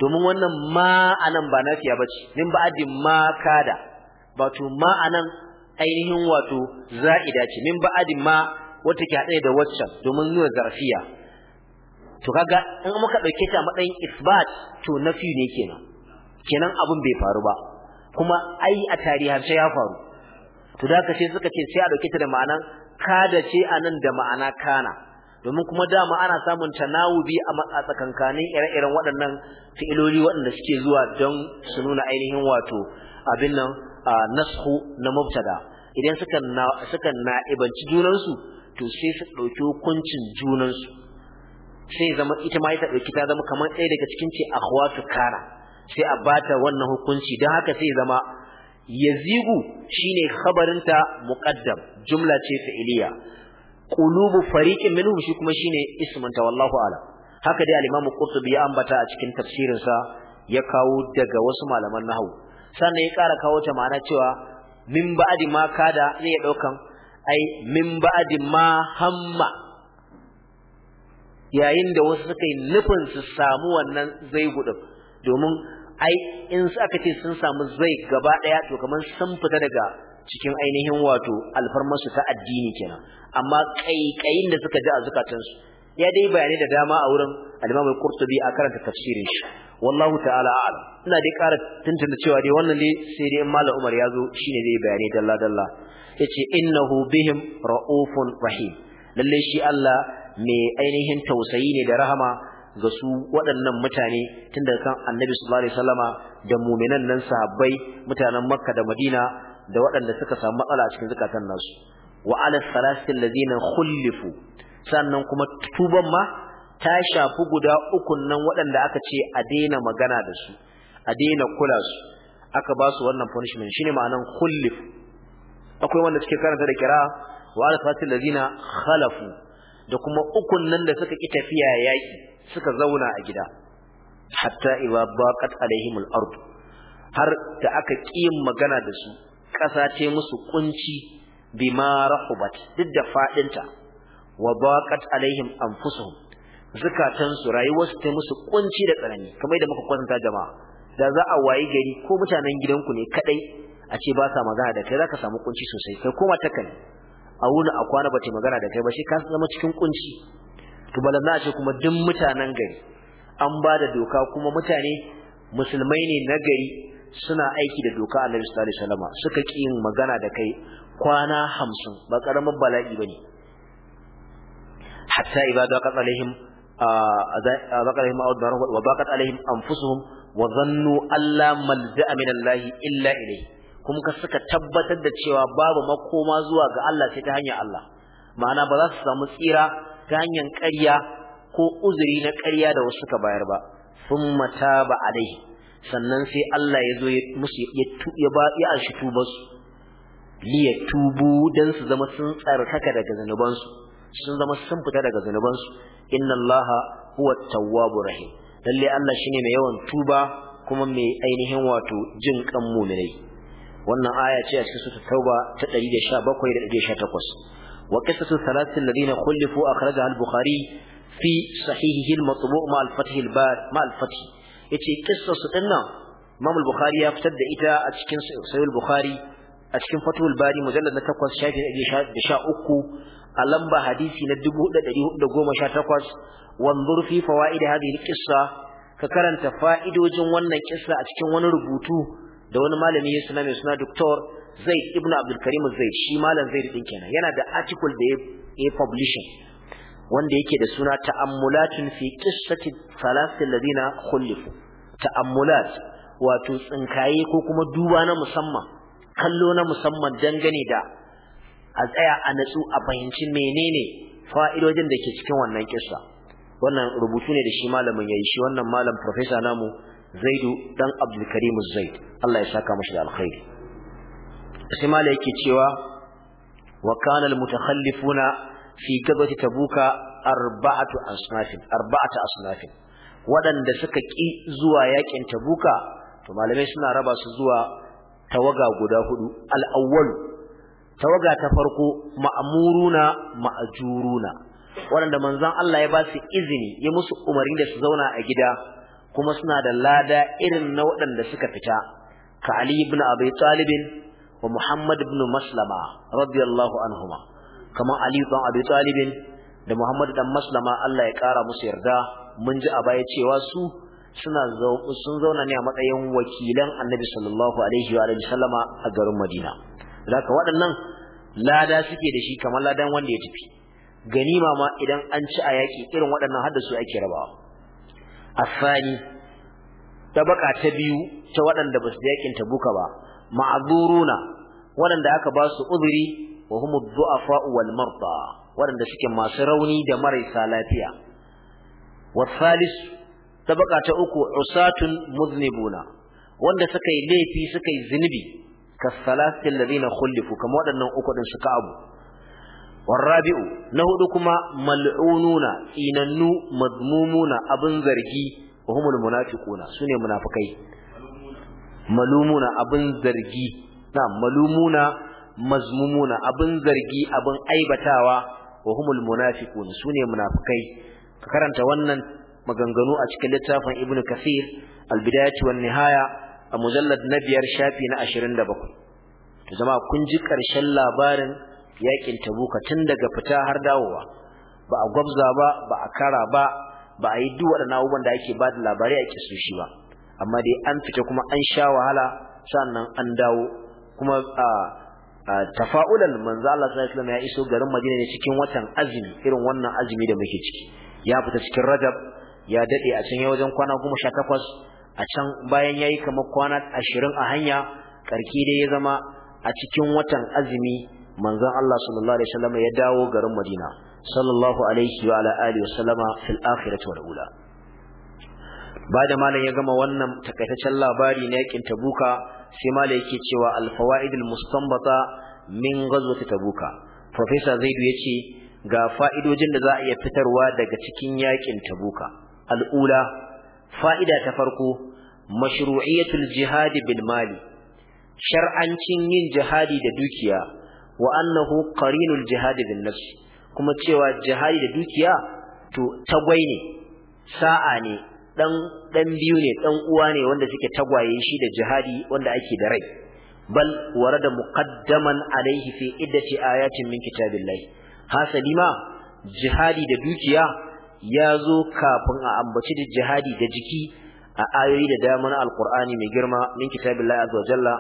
domin wannan ma anan ba nafiya bace min ba'adin ma kada wato ma anan ainihin wato za'ida ce min ba'adin ma wata ke haɗe da waccan domin nuna zarfiya to kaga in muka ɗauke ta matsayin isbat to nafi ne kenan kenan abun bai faru ba kuma ai a tarihance ya faru to da haka sai suka ce sai a ɗauke ta da ma'anan kada ce anan da ma'ana kana domin kuma dama ana samun tanawubi a tsakankanin ire-iren waɗannan fi'iloli waɗanda suke zuwa don su nuna ainihin wato abin nan a nashu na mubtada idan suka na'ibanci junansu to sai su ɗauki hukuncin junansu sai zama ita ma ta ɗauki ta zama kamar ɗaya daga cikin ce akhwatu kara, sai a bata wannan hukunci don haka sai zama yazigu shine khabarinta muqaddam jumla ce fi'iliya qulubu fariqin minhum shi kuma shine ismun ta wallahu ala haka dai al-imamu qurtubi ya ambata a cikin tafsirin sa ya kawo daga wasu malaman nahwu sannan ya ƙara kawo ta ma'ana cewa min ba'di ma kada zai daukan ai min ba'di ma hamma yayin da wasu suka yi nufin su samu wannan zai gudun domin ai in aka ce sun samu zai gaba daya to kamar sun fita daga cikin ainihin wato su ta addini kenan amma kaikayin da suka ji a zukatansu ya dai bayanai da dama a wurin al-Imam al-Qurtubi a karanta tafsirin shi wallahu ta'ala a'lam ina dai ƙara tuntunta cewa dai wannan dai sai dai Malam Umar ya zo shine zai bayanai dalla dalla yace innahu bihim raufun rahim lalle shi Allah mai ainihin tausayi ne da rahama ga su waɗannan mutane tun daga kan Annabi sallallahu alaihi wasallama da mu'minan nan sahabbai mutanen Makka da Madina da waɗanda suka samu matsala a cikin zakatan nasu wa ala salasil ladina khulifu sannan kuma tuban ma ta shafi guda ukun nan waɗanda aka ce a daina magana da su a daina kula su aka ba su wannan punishment shine ma'anan khullif akwai wanda suke karanta da kira wa ala salasil ladina khalafu da kuma ukun nan da suka ki tafiya yaki suka zauna a gida hatta iwa baqat alaihimul ard har da aka ƙi magana da su ƙasa ta musu kunci bima rahubat duk da fadinta wa baqat alaihim anfusuhum rayuwar rayuwarsu ta musu kunci da tsanani kamar da muka kwanta jama'a da za a wayi gari ko mutanen gidanku ne kadai a ce ba sa magana da kai zaka samu kunci sosai kai koma ta kai? a wuni a kwana bace magana da kai ba shi ka zama cikin kunci to na ce kuma duk mutanen gari an bada doka kuma mutane musulmai ne na gari suna aiki da doka annabi sallallahu alaihi wasallam suka ki yin magana da kai kwana 50 ba karamin bala'i bane hatta ibada qad alaihim ذكرهم wa baqat alaihim anfusuhum wa dhannu alla malja'a min الله illa ilayhi kuma ka suka tabbatar da cewa babu makoma zuwa ga Allah sai ta hanyar Allah ma'ana ba za su samu tsira ta hanyar ƙarya ko uzuri na ƙarya da wasu suka bayar ba thumma taba alaihi sannan sai Allah ya zo ya ba ya arshi tubansu liya tubu dan su zama sun tsarkaka daga zanubansu sun zama sun fita daga zanubansu inna Allah huwa tawwabur rahim lalle Allah shine mai yawan tuba kuma mai ainihin wato jin kan mu'minai wannan aya ce a cikin sura tauba ta 117 da 118 wa qissatu thalathati alladhina khulifu akhrajaha al-bukhari fi sahihihi al-matbu' ma al-fath al-bar ma al-fath yace qissar su dinnan Imam al-Bukhari ya fitar da ita a cikin Sahih al-Bukhari a cikin Fathul Bari mujallad na 8 shafi 13 a lamba hadisi na 1418 wanzur fi fawaid hadhihi alqissa ka karanta fa'idojin wannan kissa a cikin wani rubutu da wani malami ya suna mai suna Dr. Zaid ibn Abdul Karim Zaid shi malam Zaid din kenan yana da article da ya publishing wanda yake da suna ta'ammulatun fi qissati thalath Ladina khulifu ta'ammulat wato tsinkaye ko kuma duba na musamman kallo na musamman dangane da a tsaya a natsu a fahimci menene fa'idojin da ke cikin wannan kissa wannan rubutu ne da shi malamin yayi shi wannan malam professor namu Zaidu dan Abdul Karim Zaid Allah ya saka mashi da alkhairi sai malai yake cewa wa kana al mutakhallifuna fi gabati tabuka arba'atu asnafin arba'atu asnafin waɗanda suka ƙi zuwa yaƙin tabuka to malamai suna raba su zuwa tawaga guda hudu al tawaga ta farko ma'muruna ma'juruna waɗanda manzon Allah ya ba su izini ya musu umarni da su zauna a gida kuma suna da lada irin na waɗanda suka fita ka Ali ibn Abi Talib wa Muhammad ibn Maslama radiyallahu anhuma kamar Ali ibn Abi Talib da Muhammad dan Maslama Allah ya kara musu yarda mun ji a baya cewa su suna sun zauna ne a matsayin wakilan annabi sallallahu alaihi wa sallama a garin madina zaka waɗannan lada suke da shi kamar ladan wanda ya tafi ganima ma idan an ci a yaƙi irin waɗannan hadda su ake rabawa asani tabaka ta biyu ta waɗanda ba su yaƙin tabuka ba ma'azuruna waɗanda aka ba su uzuri wa humu du'afa wal marda waɗanda suke masu rauni da marasa lafiya والثالث طبقة أكو عصاة مذنبون وأن سكي ليفي سكي زنبي كالثلاثة الذين خلفوا كما أن أكو أن سكعبوا والرابع نهدكما ملعونون إن النو مضمومون أبن ذرقي وهم المنافقون سنة منافقين ملومون أبن ذرقي نعم ملومون مضمومون أبن ذرقي أبن أي بتاوى وهم المنافقون سنة منافقين ka karanta wannan maganganu a cikin littafin Ibn Kathir Al-Bidayah wan Nihaya a mujallad na biyar shafi na 27 to jama'a kun ji karshen labarin yakin Tabuka tun daga fita har dawowa ba a gwabza ba ba a kara ba ba a yi duk waɗannan abubuwan da ake ba da labarai a kisu shi ba amma dai an fita kuma an sha wahala sannan an dawo kuma a tafa'ulan manzo Allah sallallahu alaihi wasallam ya iso garin Madina ne cikin watan azumi irin wannan azumi da muke ciki ya fita cikin rajab ya dade a can ya wajen kwana goma sha takwas a can bayan ya yi kamar kwana ashirin a hanya karki dai ya zama a cikin watan azumi manzon Allah sallallahu alaihi wasallam ya dawo garin Madina sallallahu alaihi wa ala alihi wasallama fil akhirati wal ula malam ya gama wannan takaitaccen labari na yakin tabuka sai malam yake cewa al fawaid al mustanbata min ghazwati tabuka professor zaidu yace ga fa'idojin da za a iya fitarwa daga cikin yakin tabuka al'ula fa'ida ta farko mashru'iyatul jihadi bil mali shar'ancin yin jihadi da dukiya wa annahu qarinul jihadi bin nafs kuma cewa jihadi da dukiya to tagwai ne sa'a ne ɗan dan biyu ne ɗan uwa ne wanda suke tagwaye shi da jihadi wanda ake da rai bal warada muqaddaman alaihi fi iddati ayatin min kitabillahi hasali ma jihadi da dukiya ya zo kafin a ambaci da jihadi da jiki a ayoyi da dama na alkur'ani mai girma min kitabillahi azza wa jalla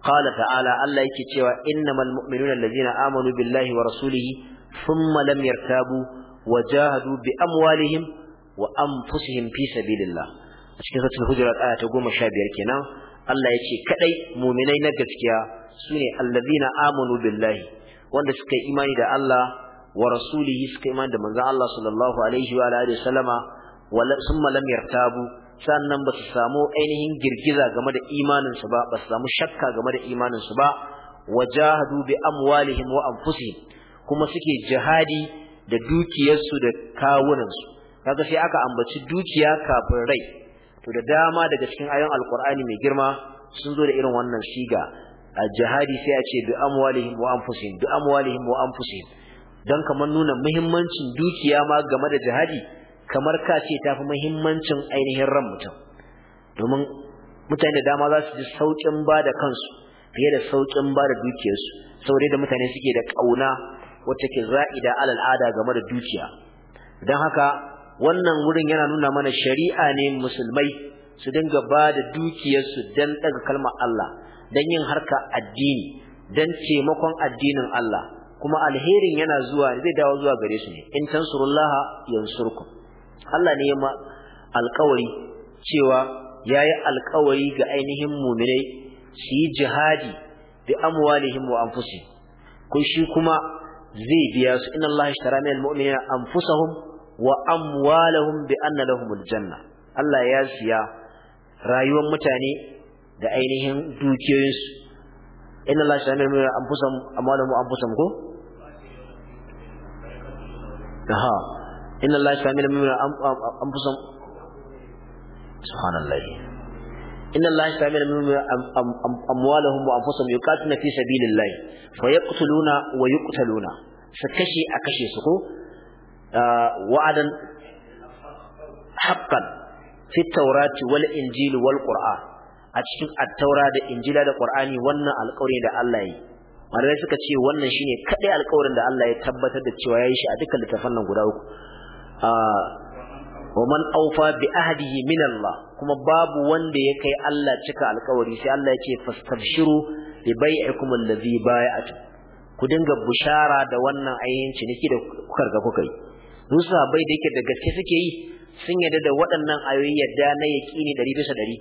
qala ta'ala Allah yake cewa innamal mu'minuna allazina amanu billahi wa rasulihi thumma lam yartabu wa jahadu bi amwalihim wa anfusihim fi sabilillah a cikin suratul hujurat aya ta 15 kenan Allah ya ce kadai mu'minai na gaskiya sune allazina amanu billahi wanda suka yi imani da Allah wa rasulihi suka iman da manzon Allah sallallahu alaihi wa alihi wasallama wala summa lam yartabu sannan ba su samu ainihin girgiza game da imanin su ba ba su samu shakka game da imanin su ba wajahadu bi amwalihim wa anfusihim kuma suke jihadi da dukiyarsu da kawunansu kaga sai aka ambaci dukiya kafin rai to da dama daga cikin ayoyin alqur'ani mai girma sun zo da irin wannan shiga. a jihadi sai a ce bi amwalihim wa anfusihim bi amwalihim wa anfusihim don kamar nuna muhimmancin dukiya ma game da jihadi kamar ka ce tafi muhimmancin ainihin ran mutum domin mutane da dama za su ji sauƙin ba da kansu fiye da sauƙin ba da dukiyarsu saboda da mutane suke da ƙauna wacce ke za'ida al'ada game da dukiya don haka wannan wurin yana nuna mana shari'a ne musulmai su dinga ba da dukiyarsu don ɗaga kalmar Allah don yin harka addini don taimakon addinin Allah kuma alherin yana zuwa zai dawo zuwa gare su ne in tansurullaha yansurkum Allah ne ya ma alƙawari cewa yayi alƙawari ga ainihin mu'minai su yi jihadi bi amwalihim wa anfusihim ko shi kuma zai biya su inna Allah ishtara min almu'minina anfusahum wa amwalahum bi anna lahumul janna Allah ya siya rayuwar mutane da ainihin dukiyoyinsu inna Allah ishtara min almu'minina anfusahum amwalahum wa anfusahum ko ha inna allaha shami min anfusum subhanallahi inna allaha shami min wa anfusum yuqatiluna fi sabilillahi fayaqtuluna wa yuqtaluna sakashi akashi su ko wa'adan haqqan fi tawrati wal injili wal qur'an a cikin at-taura da injila da qur'ani wannan alƙawari da Allah yi dai suka ce wannan shine kadai alƙawarin da Allah ya tabbatar da cewa ya yi shi a dukkan littafan nan guda uku wa man awfa bi ahdihi min Allah kuma babu wanda ya kai Allah cika alƙawari sai Allah ya ce fastabshiru bi bai'ikum allazi bai'atu ku dinga bushara da wannan ayin ciniki da kuka riga kuka yi musa bai da yake da gaske suke yi sun yarda da waɗannan ayoyi yadda na yaƙini ɗari bisa ɗari.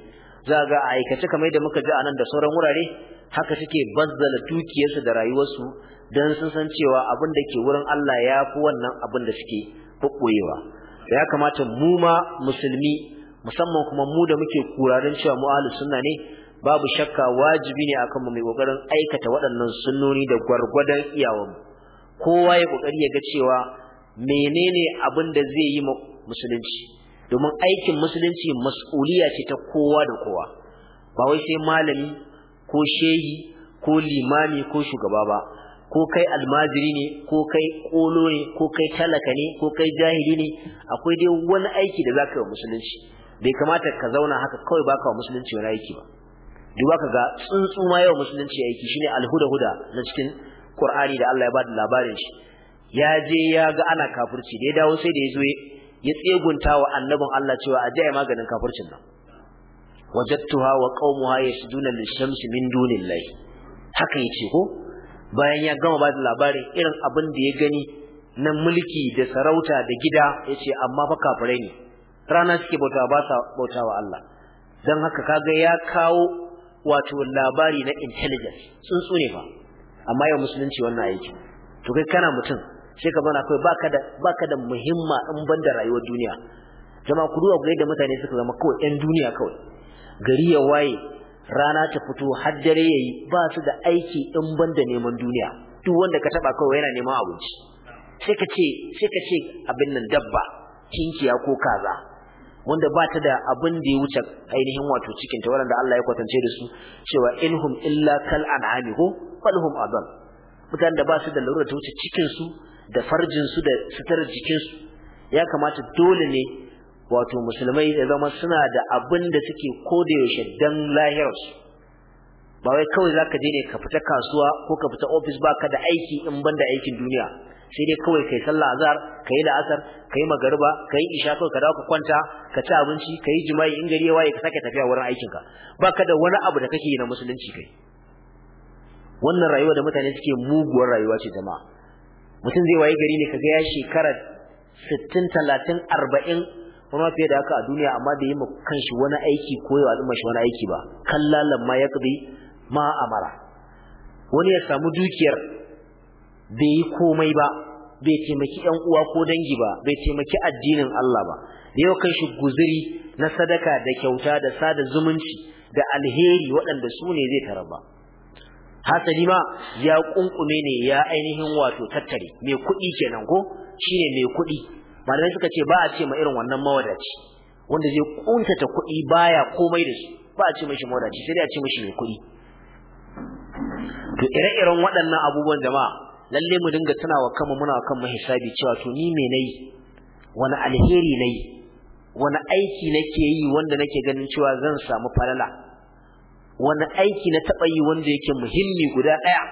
za ga a aikace kamar da muka ji a nan da sauran wurare haka suke bazzala dukiyarsu da rayuwarsu dan sun san cewa abin da ke wurin Allah ya fi wannan abin da suke kokoyewa ya kamata mu ma musulmi musamman kuma mu da muke kurarin cewa mu ahlus sunna ne babu shakka wajibi ne akan mu mai kokarin aikata waɗannan sunnoni da gwargwadon iyawan kowa ya kokari ya ga cewa menene abin da zai yi musulunci domin aikin musulunci mas'uliya ce ta kowa da kowa ba wai sai malami ko shehi ko limami ko shugaba ba ko kai almajiri ne ko kai kolo ne ko kai talaka ne ko kai jahili ne akwai dai wani aiki da zaka yi musulunci bai kamata ka zauna haka kawai baka wa musulunci wani aiki ba duba ka ga tsuntsu ma yau musulunci aiki shine alhuda-huda na cikin Qur'ani da Allah ya bada labarin shi ya je ya ga ana kafirci da ya dawo sai da ya zo ya tsegunta wa annabin Allah cewa a jiya maganin kafircin nan wajadtuha wa qaumuha yashduna lishamsi min dunillahi haka yace ko bayan ya gama ba da labarin irin abin da ya gani na mulki da sarauta da gida yace amma fa kafirai ne rana suke bauta ba sa bautawa Allah dan haka kaga ya kawo wato labari na intelligence tsuntsu ne fa amma yau musulunci wannan aiki to kai kana mutum shi ka zauna kawai baka da da muhimma in ban da rayuwar duniya jama ku duba ga yadda mutane suka zama kawai ɗan duniya kawai gari ya waye rana ta fito har dare yi ba su da aiki in ban da neman duniya duk wanda ka taba kawai yana neman abinci sai ka ce abin nan dabba kinkiya ko kaza wanda ba ta da abin da ya wuce ainihin wato cikin ta Allah ya kwatance da su cewa inhum illa kal an'ami ko falhum adal mutanen da ba su da lura ta wuce cikinsu. su da farjin su da sitar jikin su ya kamata dole ne wato musulmai ya zama suna da abin da suke koda yaushe dan lahiyar su ba wai kawai zaka je ne ka fita kasuwa ko ka fita office baka da aiki in banda aikin duniya sai dai kawai kai sallah azhar kai la'asar kai magariba kai isha kawai ka dawo ka kwanta ka ci abinci kai jima'i in gari ya waye ka sake tafiya wurin aikin ka baka da wani abu da kake yi na musulunci kai wannan rayuwa da mutane suke muguwar rayuwa ce jama'a mutum zai waye gari ne kaga ya shekara 60 30 40 kuma fiye da haka a duniya amma bai yi kanshi wani aiki ko ya al'umma shi wani aiki ba kallalan ma ya kudi ma amara wani ya samu dukiyar bai yi komai ba bai taimaki yan uwa ko dangi ba bai taimaki addinin Allah ba da yau shi guzuri na sadaka da kyauta da sada zumunci da alheri waɗanda su ne zai taraba hasali ma ya kunkume ne ya ainihin wato tattare mai kuɗi kenan ko shine mai kuɗi malamai suka ce ba a ce ma irin wannan mawadaci wanda zai kuntata kuɗi baya komai da shi ba a ce mashi mawadaci sai a ce mashi mai kuɗi to ire-iren waɗannan abubuwan jama'a lalle mu dinga tunawa kama muna kan mu hisabi cewa to ni me nayi wani alheri nayi wani aiki nake yi wanda nake ganin cewa zan samu falala wani aiki na taɓa yi wanda yake muhimmi guda ɗaya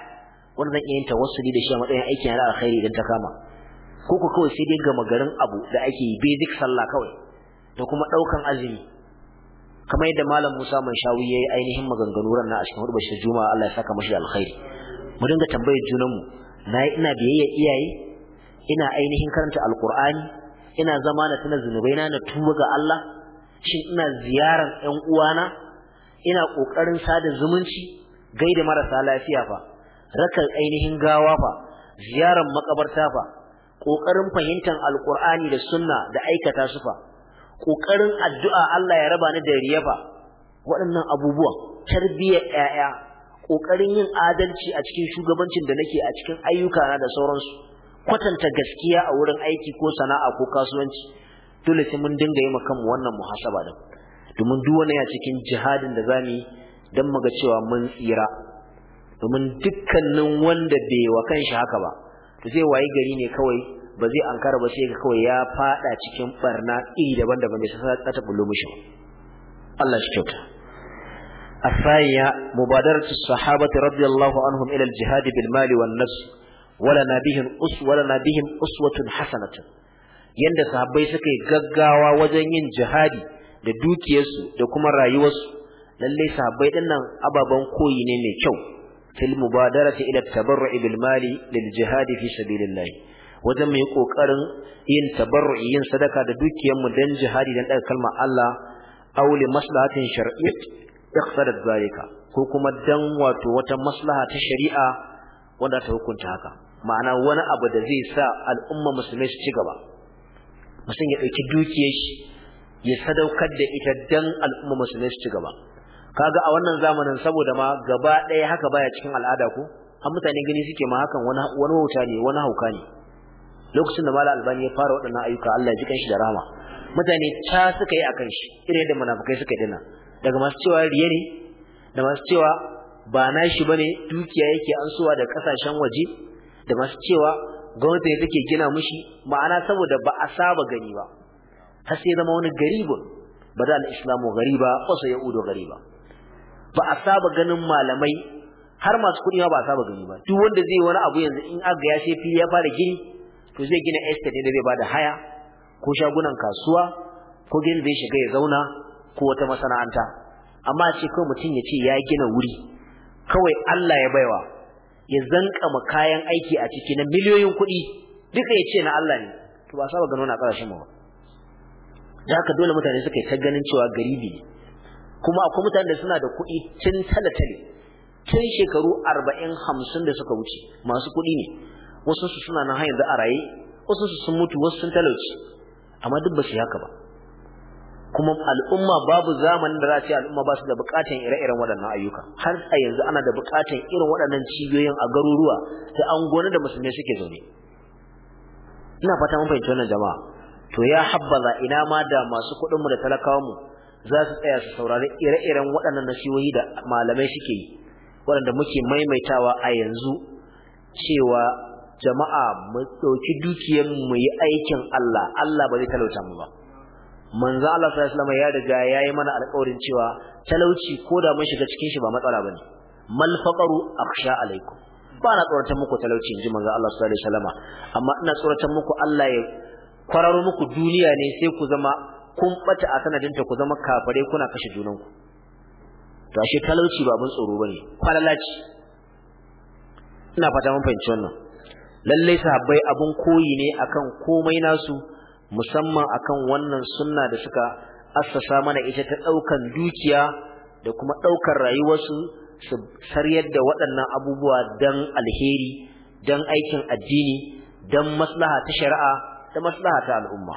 wanda zan iya yin tawassuli da shi a matsayin aiki na alkhairi idan ta kama ko ku kawai sai dai gama garin abu da ake yi basic sallah kawai da kuma ɗaukan azumi kamar yadda malam Musa man shawi yayi ainihin maganganu ran na a cikin hudubar juma'a Allah ya saka mashi da alkhairi mu dinga tambayar junanmu na ina biyayya iyaye ina ainihin karanta alqur'ani ina zama na tuna zunubaina na tuba ga Allah shin ina ziyarar 'yan uwana ina ƙoƙarin sada zumunci gaida marasa lafiya fa rakan ainihin gawa fa ziyarar makabarta fa ƙoƙarin fahimtar Alƙur'ani da sunna da aikata su fa kokarin addu'a Allah ya raba ni da riya fa waɗannan abubuwan tarbiyyar ƴaƴa ƙoƙarin yin adalci a cikin shugabancin da nake a cikin ayyukana da sauransu kwatanta gaskiya a wurin aiki ko sana'a ko kasuwanci dole sai mun dinga yi kanmu wannan muhasaba ku. domin duk wani ya cikin jihadin da zamu yi dan muga cewa mun tsira domin dukkanin wanda bai wa kanshi haka ba to zai wayi gari ne kawai ba zai ankara ba sai kawai ya fada cikin barna iri daban-daban da sai ta bullo mishi Allah shi kyauta الثانية مبادرة الصحابة رضي الله عنهم إلى الجهاد بالمال والنفس ولنا بهم أس ولنا بهم أسوة حسنة yanda sahabbai suka yi gaggawa wajen yin jihadi da dukiyarsu da kuma rayuwarsu lalle sahabbai nan ababan koyi ne mai kyau fil mubadarati ila tabarru'i bil mali lil jihad fi sabilillah wajen mai yi kokarin yin tabarru'i yin sadaka da dukiyar mu dan jihadi dan daga kalmar Allah aw li maslahatin shar'iyyah iqsadat zalika ko kuma dan wato wata maslaha ta shari'a wanda ta hukunta haka ma'ana wani abu da zai sa al'umma musulmai su ci gaba mutum ya dauki dukiyar shi ya sadaukar da ita dan al'umma musulmai su ci gaba kaga a wannan zamanin saboda ma gaba ɗaya haka baya cikin al'ada ko an mutane gani suke ma hakan wani wani wuta ne wani hauka ne lokacin da mala albani ya fara waɗannan ayyuka Allah ya ji kanshi da rahama mutane ta suka yi akan shi irin da munafukai suka dina daga masu cewa riye ne da masu cewa ba na shi bane dukiya yake ansuwa da kasashen waje da masu cewa gwamnati ne take gina mushi ma'ana saboda ba a saba gani ba har sai zama wani ba bada al-islamu gariba wa sayudu gariba ba a saba ganin malamai har masu kuɗi ba a saba gani ba duk wanda zai wani abu yanzu in aga ya shefi ya fara gini to zai gina estate da zai bada haya ko shagunan kasuwa ko gidan zai shiga ya zauna ko wata masana'anta amma ce kawai mutum ya ce ya gina wuri kawai Allah ya baiwa ya zanka kayan aiki a ciki na miliyoyin kuɗi duka ya ce na Allah ne to ba saba gano na ƙarashin mu ba da haka dole mutane suka yi ta ganin cewa garibi ne kuma akwai mutane da suna da kuɗi tun talatale tun shekaru arba'in hamsin da suka wuce masu kuɗi ne wasu su suna nan yanzu a raye wasu su sun mutu wasu sun talauci amma duk ba su haka ba kuma al'umma babu zamanin da za a ce al'umma ba su da bukatan ire-iren waɗannan ayyuka har a yanzu ana da bukatan irin waɗannan cibiyoyin a garuruwa ta an gona da musulmai suke zaune ina fata mun fahimci wannan jama'a to ya habbaza ina ma da masu kuɗin mu da talakawa mu za su tsaya su saurari ire-iren waɗannan nasihohi da malamai suke yi waɗanda muke maimaitawa a yanzu cewa jama'a mu ɗauki dukiyar mu yi aikin Allah Allah ba zai talauta mu ba manzo Allah sallallahu alaihi wasallam ya riga yayi mana alƙawarin cewa talauci ko da mun shiga cikin shi ba matsala bane mal faqaru akhsha alaikum ba na tsoratar muku talauci inji manzo Allah sallallahu alaihi wasallam amma ina tsoratar muku Allah ya kwararo muku duniya ne sai ku zama kun bata a sanadinta ku zama kafare kuna kashe junanku to ashe talauci ba mun tsoro bane kwalalaci ina fata mun fahimci wannan lallai sahabbai abun koyi ne akan komai nasu musamman akan wannan sunna da suka assasa mana ita ta daukan dukiya da kuma ɗaukar rayuwarsu su saryar da waɗannan abubuwa dan alheri dan aikin addini dan maslaha ta shari'a da maslaha ta al'umma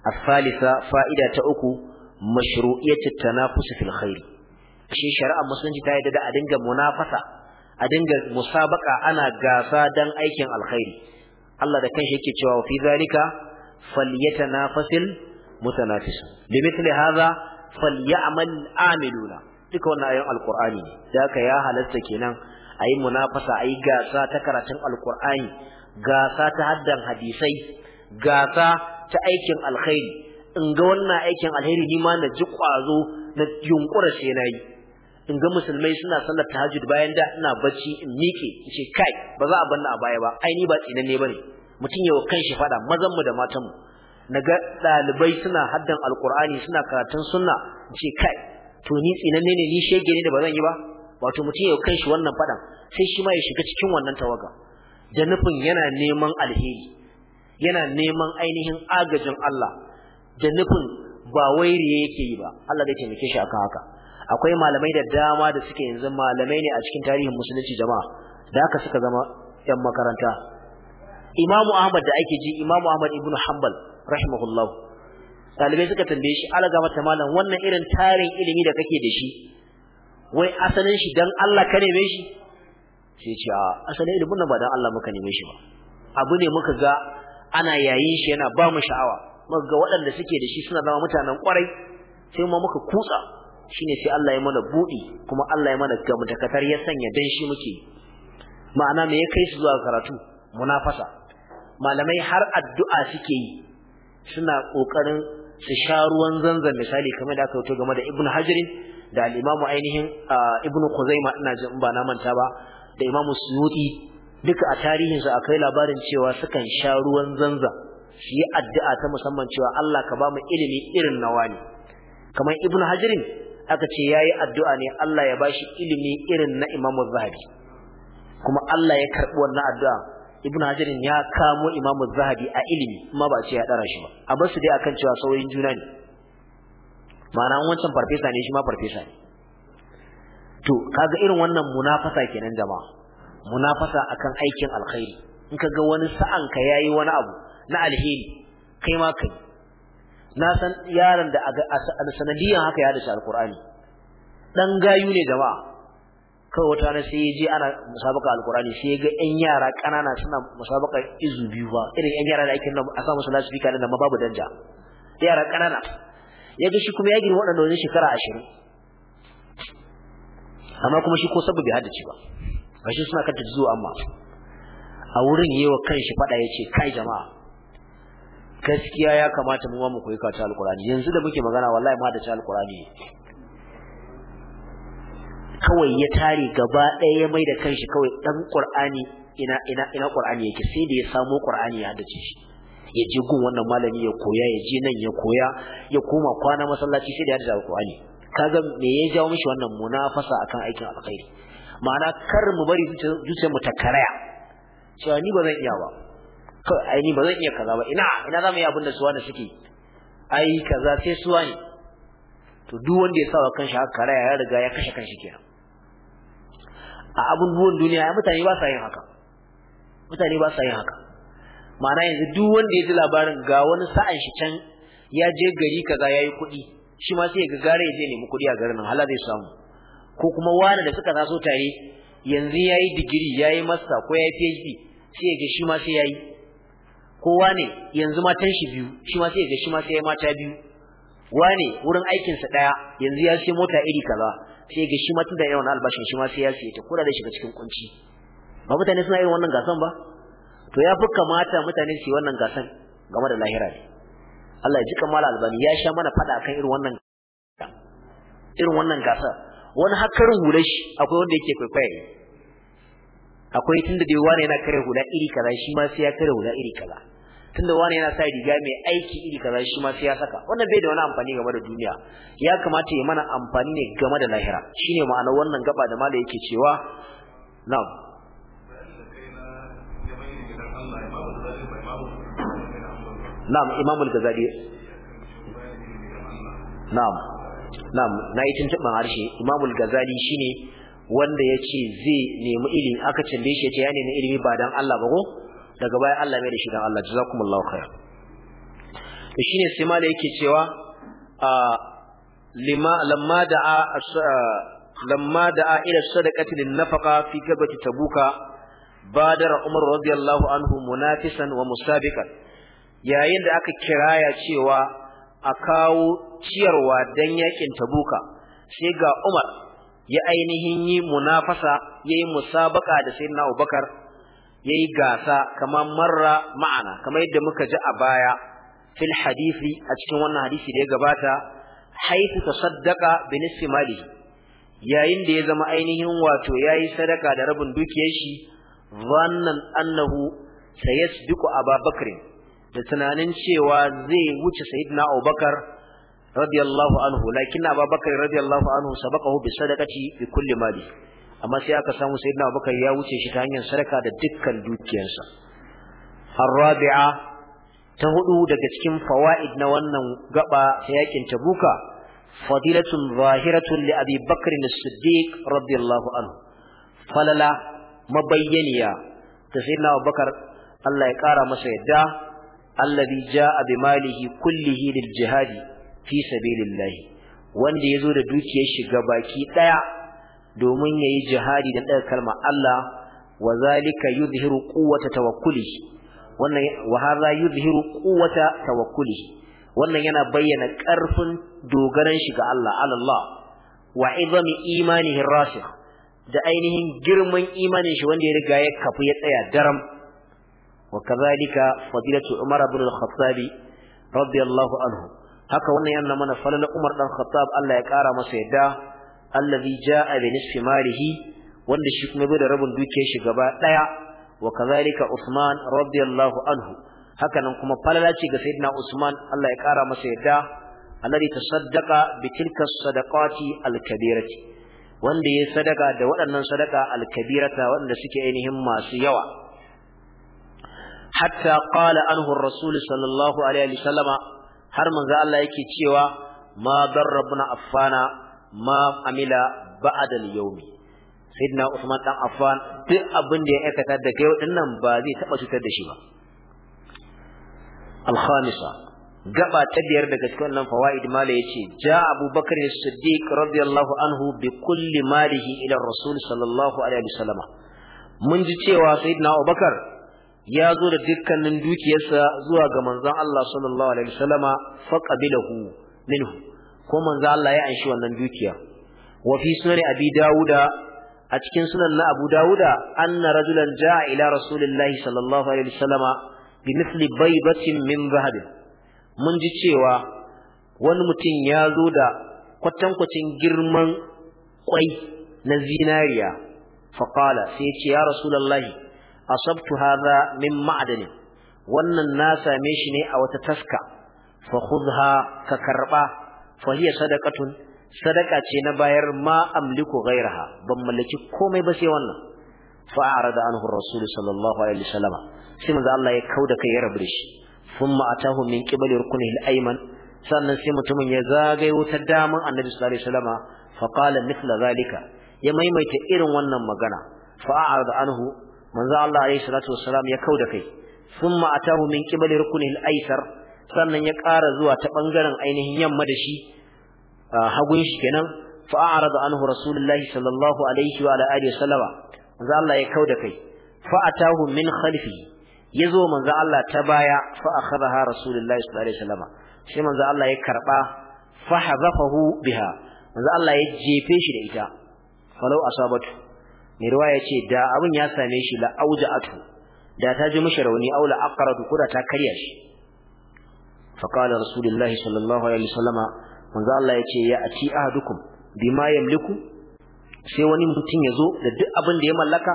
Asalisa salisa fa'ida ta uku mashru'iyyat at-tanafus fil khair shi shari'a musulunci ta yadda da a dinga munafasa a dinga musabaka ana gasa dan aikin alkhairi Allah da kanshi yake cewa fi zalika falyatanafasil mutanafis bimithli hadha falyamal amiluna duka wannan ayoyin alqur'ani ne da ya halatta kenan ayi munafasa ayi gasa ta karatun alqur'ani gasa ta haddan hadisai gasa ta aikin alkhairi in ga wannan aikin alheri ni ma na ji ƙwazo na yunkura sai nayi in ga musulmai suna sallar tahajjud bayan da ina bacci in miƙe in ce kai ba za a banna a baya ba ai ni ba tsinanne bane mutum yawa kanshi fada mazan mu da matan mu naga dalibai suna haddan alqur'ani suna karatun sunna in ce kai to ni tsinanne ne ni shege ne da ba zan yi ba wato mutum ya kanshi wannan faɗan, sai shi ma ya shiga cikin wannan tawaga da nufin yana neman alheri yana neman ainihin agajin Allah da nufin ba wai riye yake yi ba Allah zai taimake shi akan haka akwai malamai da dama da suke yanzu malamai ne a cikin tarihin musulunci jama'a da aka suka zama yan makaranta Imamu Ahmad da ake ji Imamu Ahmad ibn Hanbal rahimahullah talibai suka tambaye shi Allah alaga mata malam wannan irin tarin ilimi da kake da shi wai asalin shi dan Allah ka neme shi sai ce a asalin ilimin nan ba dan Allah muka neme shi ba abu ne muka ga ana yayin shi yana ba mu sha'awa muka ga waɗanda suke da shi suna zama mutanen kwarai sai ma muka kutsa shine sai Allah ya mana buɗi kuma Allah ya mana gamtakatar ya sanya dan shi muke ma'ana me ya kai su zuwa karatu munafasa malamai har addu'a suke yi suna kokarin su sha ruwan zanzan misali kamar da aka wato game da Ibn Hajar da al-Imam ainihin ah, Ibn Khuzaimah ina jin ba na manta ba da Imam Suyuti duka a tarihinsu akwai labarin cewa sukan sha ruwan zanza su yi addu'a ta musamman cewa Allah ka ba mu ilimi irin na wani kamar ibnu hajirin aka ce yayi addu'a ne Allah ya bashi ilimi irin na Imam zahabi kuma Allah ya karbi wannan addu'a ibnu hajirin ya kamo Imam zahabi a ilimi kuma ba ce ya dara shi ba a basu dai akan cewa sauyin juna ne ma'ana wancan farfesa ne shi ma farfesa ne to kaga irin wannan munafasa kenan jama'a munafasa akan aikin alkhairi in ka ga wani sa'an ka yayi wani abu na alheri kai ma kai na san yaron da a sanadiyan haka ya shi alqur'ani dan gayu ne jama'a kai wata na sai je ana musabaka alqur'ani sai ga yan yara kanana suna musabaka izu biyu ba irin yan yara da ake nan a samu musu lasfika da ma babu danja yara kanana ga shi kuma ya girma wadannan shekara 20 amma kuma shi ko hada haddace ba gashi suna kanta zuwa amma a wurin yewa kanshi fada yace kai jama'a gaskiya ya kamata mu ma mu koyi karatu alqur'ani yanzu da muke magana wallahi ma da ta alqur'ani kawai ya tare gaba ɗaya ya mai da kanshi kawai dan qur'ani ina ina ina qur'ani sai da ya samo qur'ani ya dace shi ya je gun wannan malami ya koya ya je nan ya koya ya koma kwana masallaci sai da ya dace alqur'ani kaga me ya jawo mishi wannan munafasa akan aikin alkhairi ma'ana kar mu bari zuciyar mu ta karaya cewa ni ba zan iya ba kawai ai ni ba zan iya kaza ba ina ina za mu yi abin da suwa da suke ai kaza sai suwa ne to duk wanda ya sawa wa kanshi haka karaya ya riga ya kashe kanshi kenan a abubuwan duniya ya mutane ba sa yin haka mutane ba sa yin haka ma'ana yanzu duk wanda ya ji labarin ga wani sa'an shi can ya je gari kaza yayi kuɗi shi ma sai ya ga gare ya je nemi kuɗi a garin nan hala zai samu ko kuma wani da suka taso tare yanzu yayi digiri yayi masta ko yayi PhD sai ya ga shi ma sai yayi ko wani yanzu matan shi biyu shi ma sai ya ga shi ma sai ya mata biyu wani wurin aikin sa daya yanzu ya sai mota iri kaza sai ya ga shi ma tunda yawan albashin shi ma sai ya sai ta kura da shiga cikin kunci ba mutane suna irin wannan gasan ba to ya fi kamata mutane su yi wannan gasan game da lahira ne Allah ya ji kamar albani ya sha mana fada akan irin wannan irin wannan gasar wani har hula shi akwai wanda yake kwaikwaye akwai tunda dai wani yana kare hula iri kaza shi ma sai ya kare hula iri kaza tunda wani yana sa riga mai aiki iri kaza shi ma sai ya saka wannan bai da wani amfani game da duniya ya kamata ya mana amfani ne game da lahira shine ma'anar wannan gaba da mala yake cewa na'am na'am imamul gazali na'am na'am na yi tuntuɓin harshe imamul shi shine wanda ya ce zai nemi ilimi aka canje shi ya ce ya nemi ilimi ba dan Allah ba ko daga baya Allah mai da shi dan Allah jazakumullahu khair to shine sai da yake cewa lima lamma da'a lamma da'a ila sadaqati lin nafaqa fi gabati tabuka badara umar radiyallahu anhu munafisan wa musabiqan yayin da aka kiraya cewa a kawo ciyarwa dan yakin tabuka sai ga Umar ya ainihin yi munafasa yayi musabaka da na Abubakar yayi gasa kamar marra ma'ana kamar yadda muka ji a baya fil hadisi a cikin wannan hadisi da ya gabata haifu tasaddaqa bi nisfi mali yayin da ya zama ainihin wato yayi sadaka da rabin dukiyar shi zannan annahu a Abubakar da tunanin cewa zai wuce sayyidina Abubakar radiyallahu anhu lakin Abubakar radiyallahu anhu sabaqahu bi sadaqati bi kulli mali amma sai aka samu sayyidina Abubakar ya wuce shi ta hanyar sadaka da dukkan dukiyarsa Har rabia ta hudu daga cikin fawaid na wannan gaba ta yakin Tabuka fadilatun zahiratun li Abi Bakr as-Siddiq radiyallahu anhu falala mabayyaniya ta sayyidina Abubakar Allah ya kara masa yadda alladhi jaa bi malihi kullihi lil jihadi fi sabilillahi. wanda yazo da dukiyar shi baki daya domin yayi jihadi da daga kalmar Allah wa zalika yuzhiru quwwata tawakkulihi wannan wa hadha yuzhiru quwwata tawakkulihi wannan yana bayyana karfin dogaran shi ga Allah Allah wa izami imanihi rasikh da ainihin girman imanin shi wanda ya riga ya kafu ya tsaya daram وكذلك فضيلة عمر بن الخطاب رضي الله عنه هكا وني أن من فلل عمر بن الخطاب الله يكارى مسيدا الذي جاء بنصف ماله wanda shi kuma bai da rabin dukiyar shi gaba daya wa kadhalika Usman radiyallahu anhu Hakanan kuma Falalaci ga sayyidina Usman Allah ya kara masa yadda alladhi tasaddaqa Saddaka tilka sadaqati al wanda ya yi sadaka da waɗannan sadaka al-kabirata wanda suke ainihin masu yawa hatta qala anhu ar-rasul sallallahu alaihi wa sallam, har manzo Allah yake cewa ma darrabna affana ma amila ba'da al-yawmi sayyidina Uthman dan Affan duk abin da ya aikata da kai wadannan ba zai taba cutar da shi ba al-khamisa gaba ta biyar daga cikin wannan fawaid mala yace ja Abu Bakr as-Siddiq radiyallahu anhu bi kulli malihi ila ar-rasul sallallahu alaihi wa sallam. mun ji cewa sayyidina Abu Bakar ya zo da dukkanin dukiyarsa zuwa ga manzon Allah sallallahu alaihi wasallama qabilahu minhu ko manzon Allah ya anshi wannan dukiya wa fi sunan abi dauda a cikin sunan na abu dauda anna rajulan jaa ila rasulillahi sallallahu alaihi wasallama bi mithli baybatin min zahab mun ji cewa wani mutum ya zo da kwatankwacin girman kwai na zinariya qala sai ya ce ya rasulullahi asabtu hadha min ma'adani wannan na same shi ne a wata taska fa khudha ka karba fa hiya sadaqatun sadaqa ce na bayar ma amliku ghairaha ban mallaki komai ba sai wannan fa arada anhu rasul sallallahu alaihi wasallam sai manzo Allah ya kauda kai ya rabu shi thumma atahu min qibali ruknihi ayman sannan sai mutumin ya zagayo ta damar annabi sallallahu alaihi wasallam fa qala mithla zalika ya maimaita irin wannan magana fa arada anhu manzo Allah alaihi salatu wassalam ya kauda kai thumma atahu min qibali ruknil aisar sannan ya ƙara zuwa ta bangaren ainihin yamma da shi hagun shi kenan fa a'rada anhu rasulullahi sallallahu alaihi wa alihi wasallama manzo Allah ya kauda kai fa atahu min khalfi yazo manzo Allah ta baya fa akhadha rasulullahi sallallahu alaihi wasallama sai manzo Allah ya karba fa hazafahu biha manzo Allah ya jefe shi da ita falau asabatu mai riwaya ce da abin ya same shi la auja'atu da ta ji mishi rauni aw la aqradu kuda ta karya shi fa qala rasulullahi sallallahu alaihi wasallama manzo Allah ya ce ya ati ahadukum bima yamliku sai wani mutum ya zo da duk abin da ya mallaka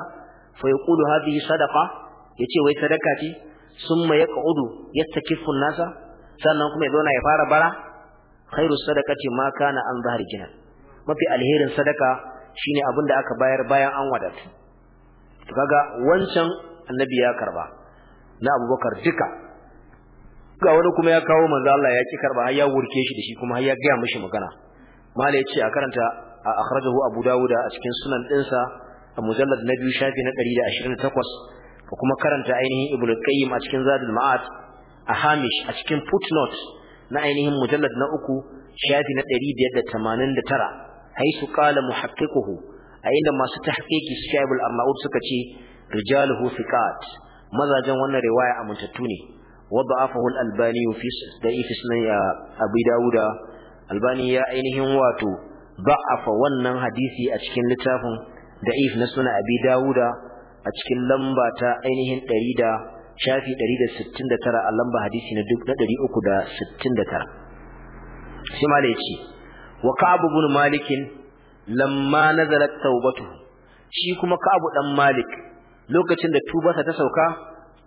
fa yaqulu hadhihi sadaqa ce wai sadaka ce summa yaq'udu yastakifu an-nasa sannan kuma ya na ya fara bara khairu sadaqati ma kana an zahar jinan mafi alherin sadaka shine abin da aka bayar bayan an wadatu to kaga wancan annabi ya karba na abubakar duka ga wani kuma ya kawo manzo Allah ya ki karba har ya wurke shi da shi kuma har ya gaya mishi magana ya ce a karanta a akhrajahu abu dawuda a cikin sunan dinsa a mujallad na biyu shafi na 128 ko kuma karanta ainihin Ibn qayyim a cikin zadul ma'ad a hamish a cikin footnote na ainihin mujallad na uku shafi na 189 haisu qala muhaqqiquhu a inda masu tahqiqi Shaib al-Ammaud suka ce rijaluhu thiqat mazajen wannan riwaya amintattu ne wada'afahu al-Albani fi da'if sunan Abi Dawud Albani ya ainihin wato ba'afa wannan hadisi a cikin littafin da'if na sunan Abi Dawud a cikin lamba ta ainihin 100 shafi 169 a lamba hadisi na 369 shi ma da yace wa ka'ab ibn malik lamma nazalat tawbatuhu shi kuma ka'ab dan malik lokacin da tubarsa ta sauka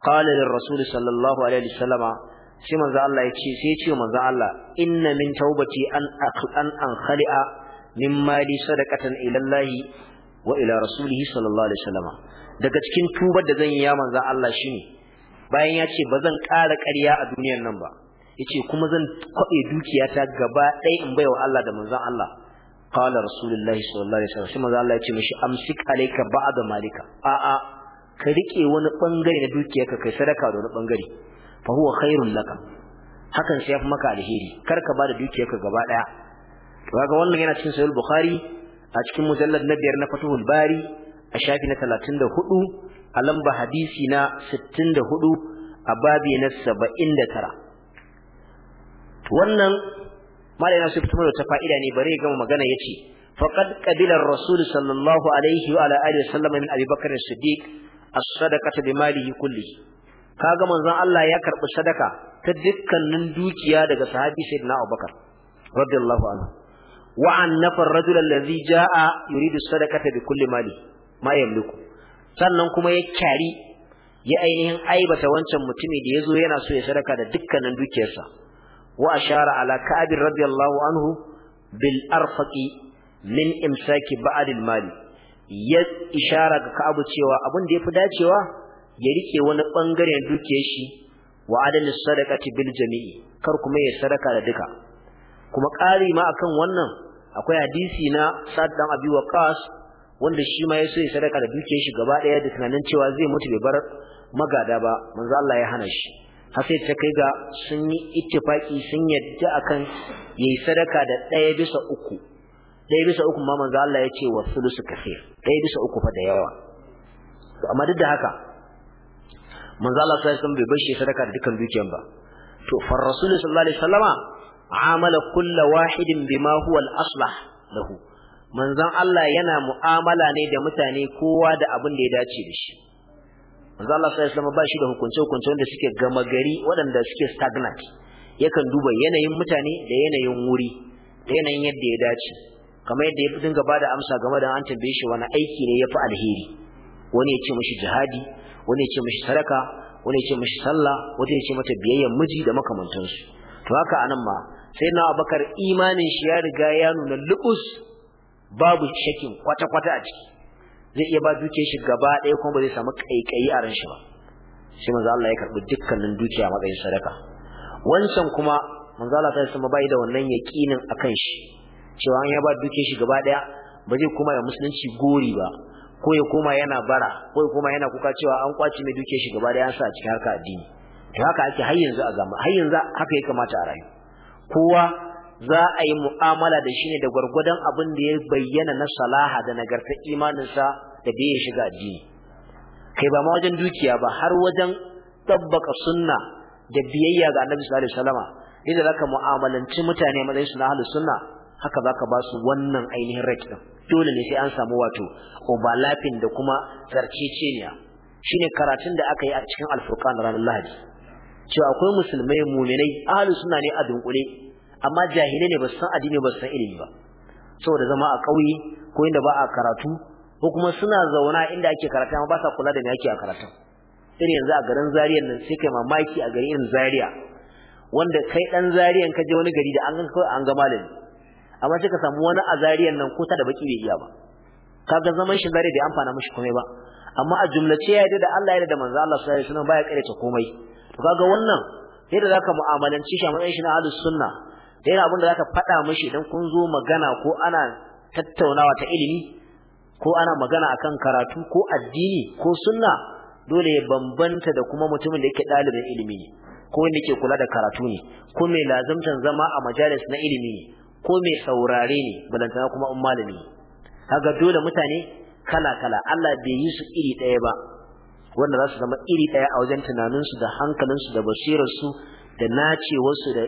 qala lir rasul sallallahu alaihi wasallama sai manzo Allah ya ce sai ya ce manzo Allah inna min tawbati an an an khali'a min mali sadaqatan ila Allah wa ila rasulihi sallallahu alaihi daga cikin tubar da zan yi ya manzo Allah shine bayan ya ce ba zan ƙara ƙarya a duniyar nan ba yace kuma zan kwabe dukiyata gaba ɗaya in baiwa Allah da manzon Allah qala rasulullahi sallallahu alaihi wasallam manzon Allah yace mishi amsik alayka ba'da malika a a ka rike wani bangare da dukiyarka kai sadaka da wani bangare fa huwa khairul laka hakan sai yafi maka alheri kar ka bada dukiyarka gaba ɗaya to kaga wannan yana cikin sahih bukhari a cikin mujallad na biyar na fatuhul bari a shafi na 34 a lamba hadisi na 64 a babi na 79 wannan malai na sai fito da fa'ida ne bare gama magana yace faqad qabila ar-rasul sallallahu alaihi wa ala alihi sallam min Abi Bakr as-Siddiq as-sadaqata bi malihi kullihi kaga manzon Allah ya karbi sadaka ta dukkanin dukiya daga sahabi sayyidina Abu Bakar radiyallahu anhu wa annafa ar-rajul alladhi jaa yuridu sadaqata bi kulli mali ma yamliku sannan kuma ya kyari ya ainihin aibata wancan mutumi da yazo yana so ya sadaka da dukkanin dukiyarsa wa ashara ala ka'ab radiyallahu anhu bil arfaqi min imsaki ba'd al mali ya ishara ga ka'ab cewa abin da ya fi dacewa ya rike wani bangare dukiyar shi wa adal sadaqati bil jami'i kar kuma ya sadaka da duka kuma ƙari ma akan wannan akwai hadisi na Sa'd dan Abi Waqqas wanda shi ma yaso ya sadaka da dukiyar shi gaba da tunanin cewa zai mutu bai bar magada ba manzo Allah ya hana shi har sai ta kai ga sun yi ittifaki sun yadda akan yayi sadaka da ɗaya bisa uku ɗaya bisa uku ma manzo Allah ya ce wa sulusu kafir ɗaya bisa uku fa da yawa to amma duk da haka manzo Allah sai san bai bar shi sadaka da dukkan dukiyar ba to fa rasul sallallahu alaihi wasallama amala kullu wahidin bima huwa al-aslah lahu manzon Allah yana mu'amala ne da mutane kowa da abin da ya dace da shi manzo Allah sallallahu alaihi ba shi da hukunce hukunce wanda suke gama gari waɗanda suke stagnant yakan duba yanayin mutane da yanayin wuri da yanayin yadda ya dace kamar yadda ya dinga bada amsa game da an tambaye shi wani aiki ne ya fi alheri wani ya ce mishi jihadi wani ya ce mishi sadaka wani ya ce mishi sallah wani ya ce mata biyayyar miji da makamantansu to haka anan ma sai na Abubakar imanin shi ya riga ya nuna lubus babu shakin kwata-kwata a ciki zai iya ba dukiyar shi gaba ɗaya kuma ba zai samu kaikayi a ran shi ba shi manzo Allah ya karbi dukkanin dukiya matsayin sadaka wancan kuma manzo Allah ta sama bai da wannan yaqinin akan shi cewa an ya ba dukiyar shi gaba ɗaya ba zai koma ya musulunci gori ba ko ya koma yana bara ko ya koma yana kuka cewa an kwace mai dukiyar shi gaba ɗaya an sa a cikin harka addini to haka ake har yanzu a zama har yanzu haka ya kamata a rayu kowa za a yi mu'amala da shi ne da gwargwadon abin da ya bayyana na salaha da nagarta imaninsa da bai shiga addini kai ba ma wajen dukiya ba har wajen tabbaka sunna da biyayya ga annabi sallallahu alaihi wasallam idan zaka mu'amalanci mutane matsayin su na ahlus sunna haka zaka ba su wannan ainihin rate dole ne sai an samu wato obalafin da kuma tsarkiceniya shine karatun da aka yi a cikin alfurqan ranar lahadi cewa akwai musulmai mu'minai ahlus sunna ne a dunkule amma jahilai ne ba su san addini ba su san ilimi ba saboda zama a ƙauye ko inda ba a karatu ko kuma suna zauna inda ake karatu amma ba sa kula da me ake a karatu. irin yanzu a garin Zariya nan sai kai mamaki a garin irin Zariya wanda kai dan Zariyan ka je wani gari da an ga kawai an ga malami amma sai ka samu wani a Zariyan nan ko ta da baki bai iya ba kaga zaman shi Zariya bai amfana mishi komai ba amma a jumlace ya yarda da Allah ya yarda da manzo Allah sallallahu alaihi wasallam baya ta komai to kaga wannan yadda zaka mu'amalanci shi a matsayin shi na ahlus sunna da yana abin da zaka faɗa mishi idan kun zo magana ko ana tattaunawa ta ilimi ko ana magana akan karatu ko addini ko sunna dole ya bambanta da kuma mutumin da yake ɗalibin ilimi ne ko wanda yake kula da karatu ne ko mai lazimtan zama a majalis na ilimi ne ko mai saurare ne balantana kuma in malami ne kaga dole mutane kala kala Allah bai yi su iri ɗaya ba wanda za su zama iri ɗaya a wajen tunaninsu da hankalinsu da basirarsu da nacewarsu da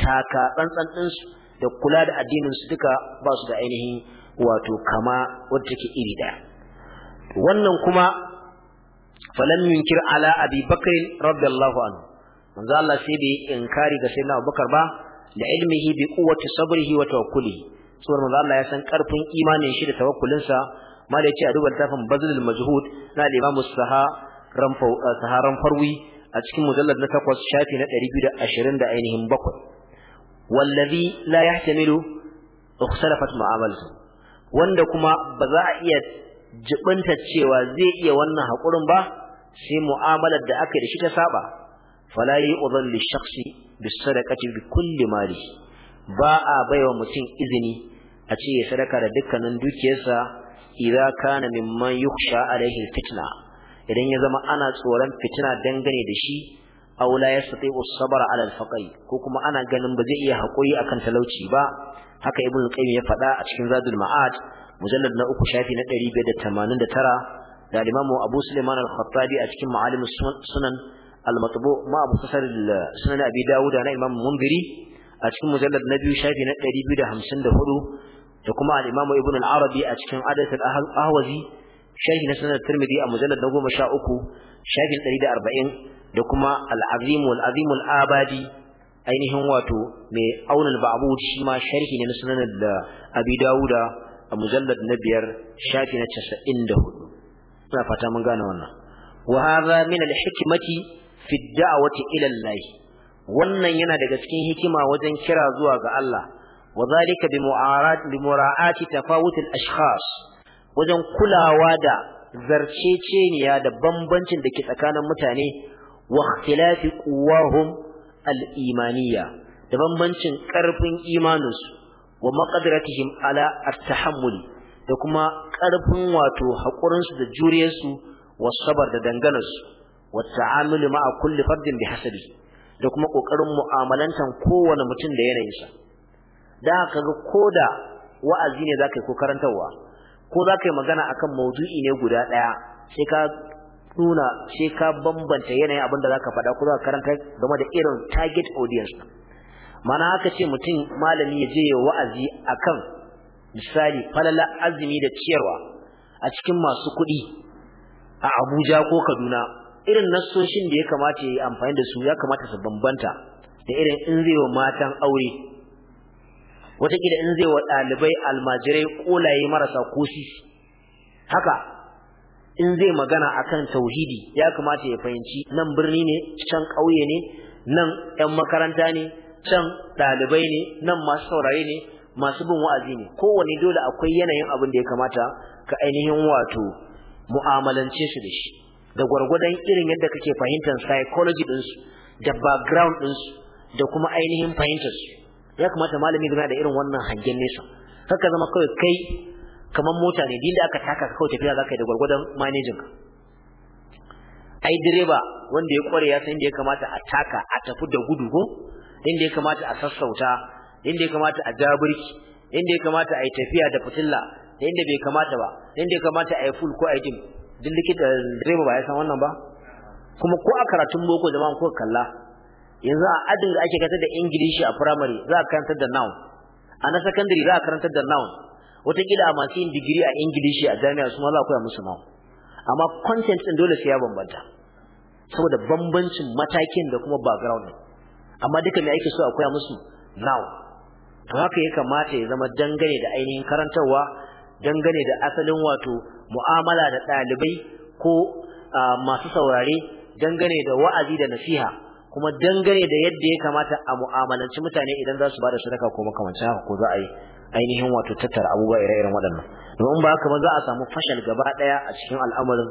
taka tsantsan ɗinsu da kula da addinin su duka ba su da ainihin wato kama wadda take iri ɗaya wannan kuma falam yunkir ala abi bakr radiyallahu anhu manzo Allah sai bai inkari ga sayyidina Abubakar ba da ilmihi bi quwwati sabrihi wa tawakkulihi saboda manzo Allah ya san karfin imanin shi da tawakkulinsa ma da a duba littafin bazlul majhud na al-imam saha saharan farwi a cikin mujallad na 8 shafi na 227 da ainihin wallazi la yahtamilu ikhtalafat mu'amalatu wanda kuma ba za a iya jibinta cewa zai iya wannan hakurin ba sai mu'amalar da aka yi da shi ta saba fala yu'dhan li shakhsi bis sadaqati bi kulli mali ba a baiwa mutum izini a ce ya sadaka da dukkanin dukiyarsa idza kana mimman yukhsha alaihi fitna idan ya zama ana tsoron fitina dangane da shi aw la yastati'u as-sabr 'ala al-faqri ko kuma ana ganin ba zai iya hakuri akan talauci ba haka ibn qayyim ya faɗa a cikin zadul ma'ad mujallad na uku shafi na 589 da imamu abu sulaiman al-khattabi a cikin ma'alim sunan al-matbu ma abu kasar sunan abi dawud na imam munziri a cikin mujallad na biyu shafi na 254 da kuma al-imamu ibn al-arabi a cikin adat al-ahwazi shafi na sunan tirmidhi a mujallad na 13 shafin 140 da kuma Al'azimu, Al'azimu al abadi ainihin wato mai aunul ba'bud shi ma sharhi ne na sunan da abi Dawuda a mujallad na biyar shafi na hudu. ina fata mun gane wannan wa hadha min al-hikmati fi dawati ila Allah wannan yana daga cikin hikima wajen kira zuwa ga Allah wa zalika bi mu'arat bi mura'ati tafawut al-ashkhas wajen kulawa da zarceceniya da bambancin da ke tsakanin mutane wa ikhtilafi quwahum al-imaniyya da bambancin ƙarfin imaninsu wa maqadratihim ala at-tahammuli da kuma ƙarfin wato haƙurinsu da juriyarsu wa sabar da danganarsu wa ta'amul ma'a kulli fardin bihasabi da kuma ƙoƙarin mu'amalantan kowane mutum da yanayinsa da haka ga da wa'azi ne zaka yi ko karantarwa ko zaka yi magana akan maudu'i ne guda ɗaya sai ka nuna sai ka bambanta yanayin abin da zaka faɗa ko zaka karanta game da irin target audience mana haka ce mutum malami ya je ya wa'azi akan misali falala azumi da ciyarwa a cikin masu kuɗi a Abuja ko Kaduna irin nasoshin da ya kamata ya yi amfani da su ya kamata su bambanta da irin in zai wa matan aure wataƙila in zai wa ɗalibai almajirai ƙolaye marasa ko haka in zai magana akan tauhidi ya kamata ya fahimci nan birni ne can ƙauye ne nan 'yan makaranta ne can ɗalibai ne nan masu saurare ne masu bin wa'azi ne kowane dole akwai yanayin abin da ya kamata ka ainihin wato mu'amalance su da shi da gwargwadon irin yadda kake fahimtar psychology ɗinsu da background ɗinsu da kuma ainihin fahimtar su ya kamata malami game da irin wannan hangen nesa kaka zama kawai kai kamar mota ne din da aka taka ka kawai tafiya zaka yi da gwargwadon manejin ka ai direba wanda ya kware ya san inda ya kamata a taka a tafi da gudu ko inda ya kamata a sassauta inda ya kamata a ja birki inda ya kamata a yi tafiya da fitilla da inda bai kamata ba inda ya kamata a yi full ko a yi dim duk likita direba ba ya san wannan ba kuma ko a karatun boko jama'an ko kalla yanzu a adin da ake karanta da ingilishi a primary za a karantar da noun a na secondary za a karantar da noun wataƙila a masu yin digiri a ingilishi a jami'a su ma za a koya musu nawa amma content ɗin dole sai ya bambanta saboda bambancin matakin da kuma background amma duka me ake so a koya musu now to haka ya kamata ya zama dangane da ainihin karantarwa dangane da asalin wato mu'amala da ɗalibai ko masu saurare dangane da wa'azi da nasiha kuma dangane da yadda ya kamata a mu'amalanci mutane idan za su ba da sadaka ko makamancin haka ko za a yi ainihin wato tattara abubuwa ire-iren waɗannan domin ba haka ba za a samu fashal gaba ɗaya a cikin al'amarin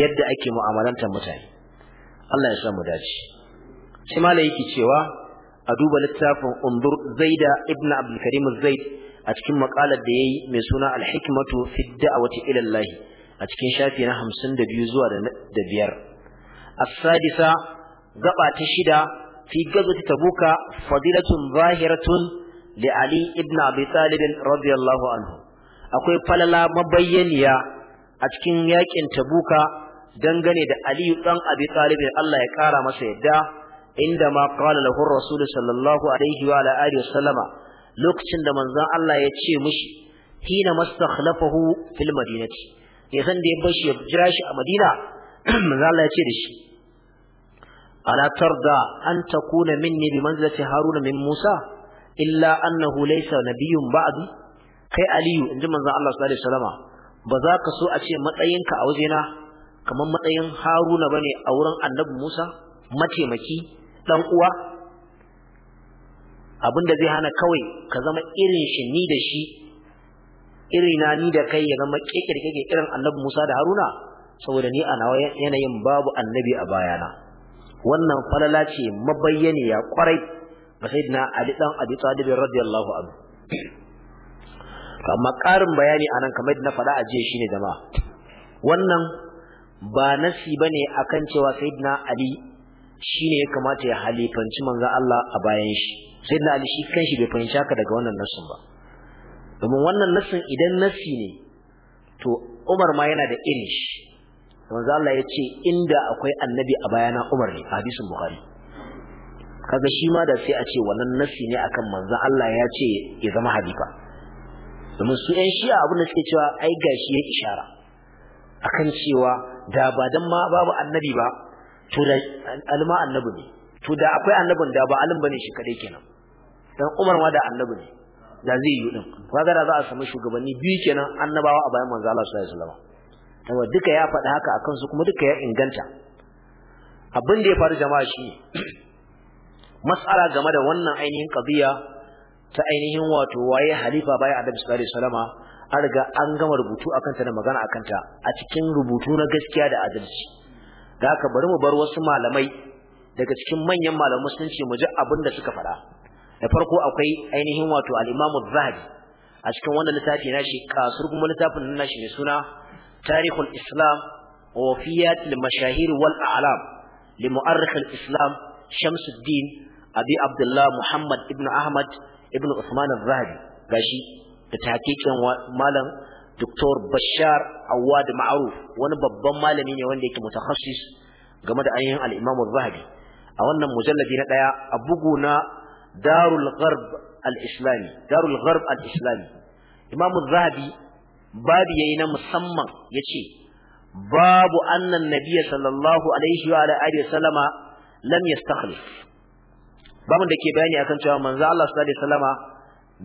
yadda ake mu'amalantar mutane Allah ya sa mu dace shi malai yake cewa a duba littafin undur zaida ibn abdul karim zaid a cikin makalar da yayi mai suna al-hikmatu fi da'wati ila a cikin shafi na 52 zuwa da biyar as-sadisa gaba ta shida fi gazwati tabuka fadilatun zahiratun Da ali ibn abi talib radiyallahu anhu akwai falala mabayyaniya a cikin yakin tabuka dangane da Aliyu ɗan abi talib Allah ya ƙara masa yadda inda ma qala lahu rasul sallallahu alaihi wa ala lokacin da manzon Allah ya ce mishi hina mastakhlafahu fil madinati yayin da ya bar shi ya jira shi a madina manzon ya ce da shi ألا ترضى min تكون مني بمنزلة Haruna min Musa? illa annahu laysa nabiyyun ba'du kai aliyu inji manzon Allah sallallahu alaihi wasallama ba za ka so a ce matsayinka a wajena kamar matsayin Haruna bane a wurin Annabi Musa mataimaki dan uwa abinda zai hana kawai ka zama irin shi ni da shi irina ni da kai ya zama kekirkeke irin Annabi Musa da Haruna saboda ni a nawa yanayin babu annabi a bayana wannan falala ce mabayyaniya kwarai ga sayyidina ali dan abi talib radiyallahu anhu amma karin bayani anan kamar yadda na faɗa a jiya shine jama'a wannan ba nasi bane akan cewa sayyidina ali shine ya kamata ya halifanci manzo Allah a bayan shi sayyidina ali shi kanshi bai fahimci haka daga wannan nasin ba domin wannan nasin idan nasi ne to Umar ma yana da irin shi manzo Allah ya ce inda akwai annabi a bayana Umar ne hadisin Bukhari kaga shi ma da sai a ce wannan nasi ne akan manzo Allah ya ce ya zama halifa domin su ƴan shi abin da suke cewa ai gashi ya ishara akan cewa da ba dan ma babu annabi ba to da alma annabi ne to da akwai annabin da ba alim bane shi kadai kenan dan Umar ma da annabi ne da zai yi din kaga da za a samu shugabanni biyu kenan annabawa a bayan manzo Allah sallallahu alaihi wasallam to duka ya faɗi haka akan su kuma duka ya inganta abin da ya faru jama'a shi mas'ala game da wannan ainihin qadiya ta ainihin wato waye halifa bayan Annabi sallallahu alaihi wasallama an riga an gama rubutu akan ta da magana akan ta a cikin rubutu na gaskiya da adalci da haka bari mu bar wasu malamai daga cikin manyan malaman musulunci mu ji abin da suka faɗa da farko akwai ainihin wato al-Imam zahabi a cikin wannan littafi nashi kasur kuma littafin shi mai suna tarihul Islam wa Wafiyatul Mashahir wal A'lam li mu'arrikh al-Islam Shamsuddin abi abdullah muhammad ibn ahmad ibn usman az-zahabi gashi da takikin malam doktor bashar awad ma'ruf wani babban malami ne wanda yake mutakhassis game da ainihin al-imam a wannan mujallabi na daya a bugu na darul gharb al-islami darul gharb al-islami imam az-zahabi babu yayi na musamman yace babu annan nabiyyi sallallahu alaihi wa alihi wa lam yastakhlif babin da ke bayani akan cewa manzo Allah sallallahu alaihi wasallama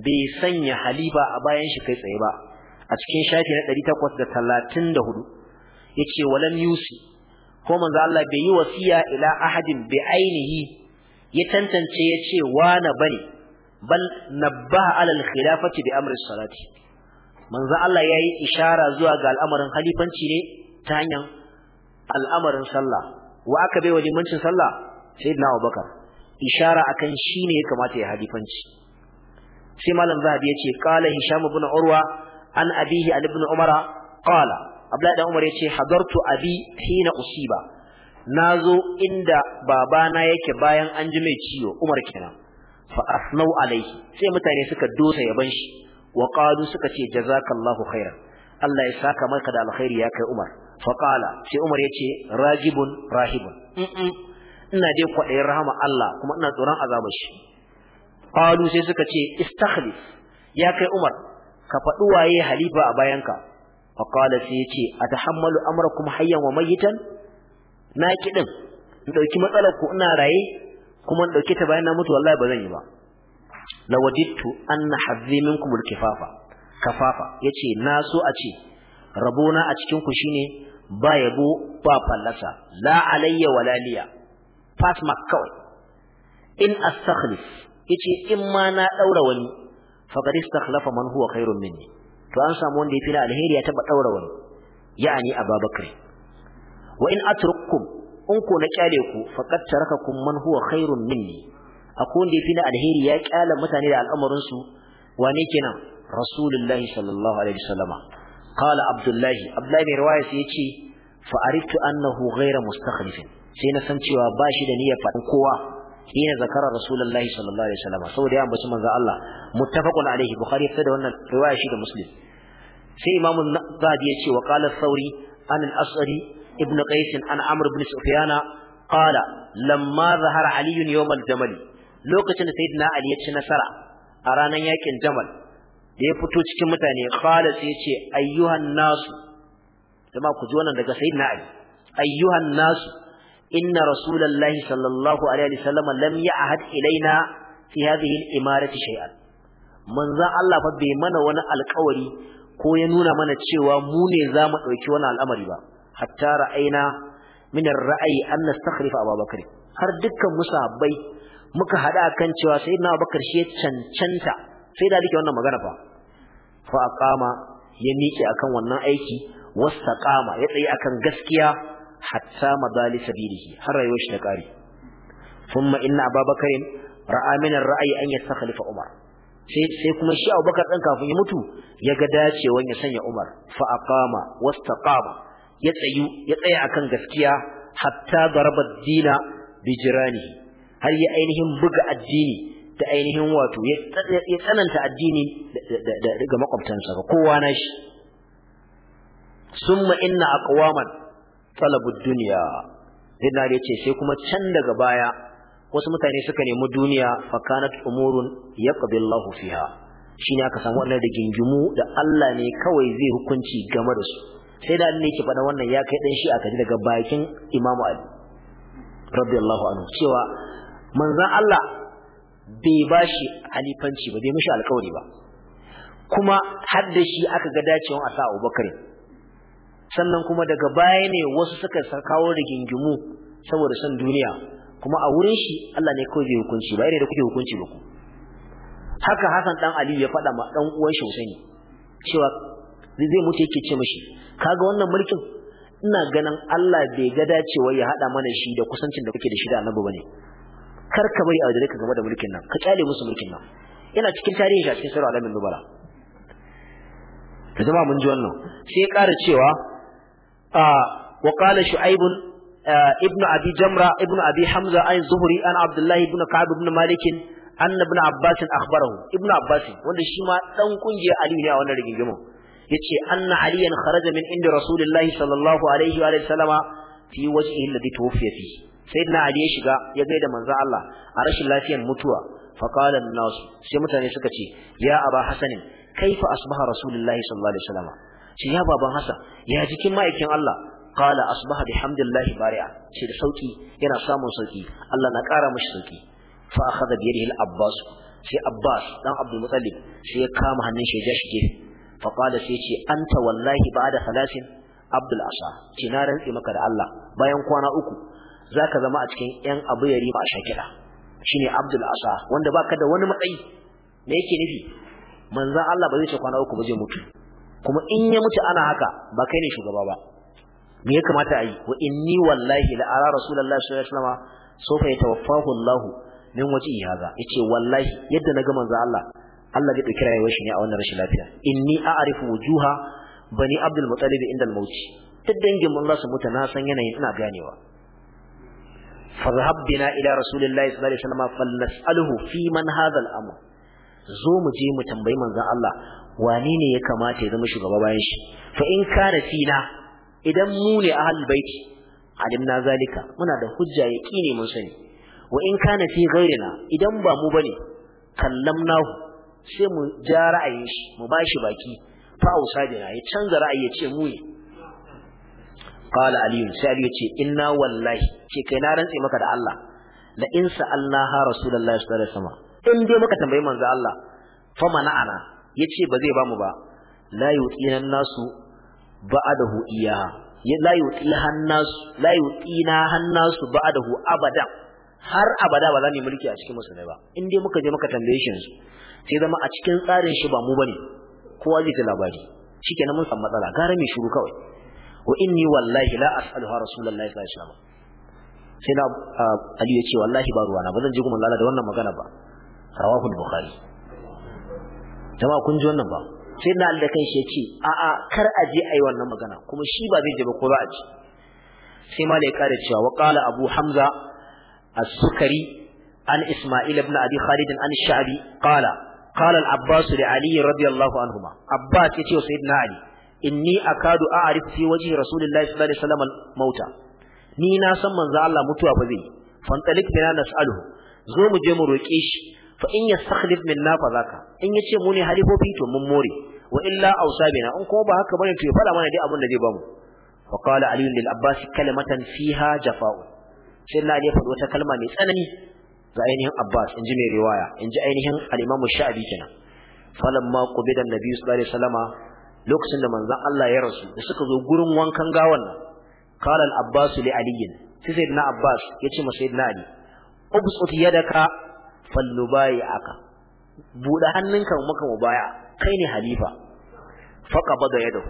bai sanya haliba a bayan shi kai tsaye ba a cikin shafi na 834 yace walam yusi ko manzo Allah bai yi wasiya ila ahadin bi ainihi ya tantance ya ce na bane bal nabbaha ala al khilafati bi amri salati manzo Allah yayi ishara zuwa ga al'amarin halifanci ne ta hanyar al'amarin sallah wa aka bai wajibancin sallah sayyidina Abubakar ishara akan shi ne ya kamata ya halifanci sai malam zahabi yace qala hisham ibn urwa an abihi an ibn umara qala abdullahi dan umar yace hadartu abi hina usiba nazo inda babana yake bayan an ji mai ciwo umar kenan fa asnau alaihi sai mutane suka dosa yaban shi wa qalu suka ce jazakallahu khairan Allah ya saka maka da alkhairi ya kai umar fa qala sai umar yace rajibun rahibun ina dai kwaɗayin rahama Allah kuma ina tsoron azabar shi qalu sai suka ce istakhlif ya kai Umar ka faɗi waye halifa a bayanka fa qala sai yace atahammalu amrakum hayyan wa mayitan na kidin in dauki matsalar ku ina raye kuma in dauke ta bayan na mutu wallahi ba zan yi ba lawajidtu anna hazzi minkum alkifafa kafafa yace na so a ce rabona a cikin ku shine ba yabo ba fallasa la alayya wala liya pass mark kawai in astakhlif yace in ma na daura wani faqad istakhlafa man huwa khairun minni to an samu wanda yafi na alheri ya taba daura wani yani ababakar wa in atrukum in ko na kyale ku faqad tarakakum man huwa khairun minni akwai wanda yafi alheri ya kyala mutane da al'amarin su wane kenan rasulullahi sallallahu alaihi wasallama qala abdullahi abdullahi mai riwaya sai yace fa aritu annahu ghayra mustakhlifin sai na san cewa ba shi da niyyar faɗin kowa ina zakara rasulullahi sallallahu alaihi wasallam saboda ya ambaci manzo Allah muttafaqun alaihi bukhari fa da wannan riwaya shi da muslim sai imamu zahabi ya ce wa qala sauri an al-asri ibn qais an amr ibn sufyan qala lamma zahara ali yawm al-jamal lokacin da sayyidina ali ya ci nasara a ranar yakin jamal da ya fito cikin mutane qala sai ya ce ayyuhan nasu jama'a ku ji wannan daga sayyidina ali ayyuhan nasu inna rasulullahi sallallahu alaihi wasallam lam ya'had ilaina fi hadhihi al-imarati shay'an manzon Allah fa bai mana wani alƙawari ko ya nuna mana cewa mu ne za mu ɗauki wani al'amari ba hatta ra'ayna min ar-ra'yi an nastakhlifa Abu Bakr har dukkan musabbai muka hada kan cewa sai na Bakr shi ya cancanta sai da dake wannan magana fa fa aqama ya miƙe akan wannan aiki wastaqama ya tsaye akan gaskiya hatta madali sabilihi har rayuwar shi ta kare thumma inna ababakar ra'a min ar-ra'yi an yastakhlifa umar sai kuma shi abubakar ɗin kafin ya mutu ya ga dacewan ya sanya umar fa aqama wastaqama ya tsayu ya tsaya akan gaskiya hatta ga ad-dina bijirani har ya ainihin buga addini da ainihin wato ya tsananta addini ga makwabtansa ga kowa na shi summa inna aqwaman talabud dunya sayyidina da yace sai kuma can daga baya wasu mutane suka nemi duniya fa kanat umurun yaqdi fiha shine aka samu wannan da gingimu da Allah ne kawai zai hukunci game da su sai da ne ke faɗa wannan ya kai dan shi aka ji daga bakin Imam Ali radiyallahu anhu cewa manzon Allah bai bashi halifanci ba bai mishi alƙawari ba kuma har da shi aka ga dacewa a sa Abubakar sannan kuma daga baya ne wasu suka kawo rigingimu saboda son duniya kuma a wurin shi Allah ne kawai zai hukunci ba irin da kuke hukunci ba ku haka Hassan dan Ali ya faɗa ma dan uwan shi Husaini cewa zai mutu yake ce mishi kaga wannan mulkin ina ganin Allah bai ga dacewa ya hada mana shi da kusancin da kuke da shi da Annabi bane kar ka bai aure ka game da mulkin nan ka kyale musu mulkin nan yana cikin tarihi shi a cikin sura alamin nubala jama'a mun ji wannan sai ya ƙara cewa wa qala shu'aib ibn abi jamra ibn abi hamza an zuhri an abdullah ibn ka'ab ibn malik anna abbas ibn abbas wanda shi ma dan kungiyar ali ne a wannan rigingimin yace anna aliyan kharaja min inda rasulullahi sallallahu alaihi wa sallama fi wajhihi na tuwfiya fi sayyidina ali ya shiga ya da manzo Allah a rashin lafiyar mutuwa فقال الناس sai mutane suka ce ya aba Hassanin kaifi asbaha rasulullahi sallallahu alaihi wasallam ce ya baban Hassan ya jikin ma'aikin Allah qala asbaha bihamdillahi bari'a ce da sauki yana samun sauki Allah na ƙara mashi sauki fa akhadha bi yadihi al-Abbas sai Abbas dan Abdul sai ya kama hannun shi ya shi gefe fa qala sai ce anta wallahi ba'da salasin Abdul Asa ce na rantsi maka da Allah bayan kwana uku zaka zama a cikin yan abu yari ba shakira shine Abdul Asa wanda baka da wani matsayi me yake nufi manzon Allah ba zai ce kwana uku ba zai mutu kuma in ya mutu ana haka ba kai ne shugaba ba me ya kamata a yi wa inni wallahi la ara rasulullahi sallallahu alaihi wasallam sofa yatawaffahu Allah min waji haza yace wallahi yadda naga manzo Allah Allah zai dauki rayuwar shi ne a wannan rashin lafiya inni a'rifu wujuha bani Abdul Muttalib inda al-mauti duk dangin mun za mutu na san yanayin ina ganewa fadhhab bina ila rasulillahi sallallahu alaihi wasallam falnas'aluhu fi man hadha al zo mu je mu tambayi manzan Allah wani ne ya kamata ya zama shugaba bayan shi fa in kana fina idan mu ne ahlul baiti alimna zalika muna da hujja yaqini mun sani wa in kana fi ghairina idan ba mu bane kallamnahu sai mu ja ra'ayin shi mu bashi baki fa usadina ya canza ra'ayi ya ce mu ne qala aliyu sai aliyu ce inna wallahi ke kai na rantse maka da Allah la in sa'alnaha rasulullahi sallallahu alaihi wasallam in dai muka tambayi manzo Allah fa mana'ana yace ba zai bamu ba la yutina nasu ba'adahu iya ya la yutina hannasu la yutina hannasu ba'adahu abada har abada ba za ni mulki a cikin musulmai ba in dai muka je muka tambaye shi sai zama a cikin tsarin shi ba mu bane kowa zai ji labari shikenan mun san matsala gara mai shiru kawai wa inni wallahi la as'aluha rasulullahi sallallahu alaihi wasallam sai na ah, aliyu ya ce wallahi ba ruwana ba zan ji kuma lalata wannan magana ba rawahu bukhari jama'a kun ji wannan ba sai na Allah kan shi yace a a kar a je ayi wannan magana kuma shi ba zai je ba ko ba a ji sai ya kare cewa wa qala abu hamza as-sukari an isma'il ibn abi khalid an sha'bi qala qala al-abbas li ali radiyallahu anhuma abbas yace wa sayyidina ali inni akadu a'rif fi wajhi rasulillahi sallallahu alaihi wasallam mauta ni na san manzo Allah mutuwa fa zai fantalik bina nas'aluhu zo mu je mu roke shi fa in yastakhlif minna fa zaka in yace mu ne halifofi to mun more wa illa ausabina in kuma ba haka bane to ya fada mana dai abin da zai bamu fa qala ali lil abbas kalimatan fiha jafa'u sai na ya faɗi wata kalma mai tsanani ga ainihin abbas inji mai riwaya inji ainihin al-imam sha'abi kenan falamma qubida annabi sallallahu alaihi wasallama lokacin da manzon Allah ya rasu da suka zo gurin wankan gawan nan qala al-abbas li ali sai sayyidina abbas yace ma sayyidina ali ubsut yadaka fallubayi aka buɗe hannunka maka baya kai ne halifa faka bada yado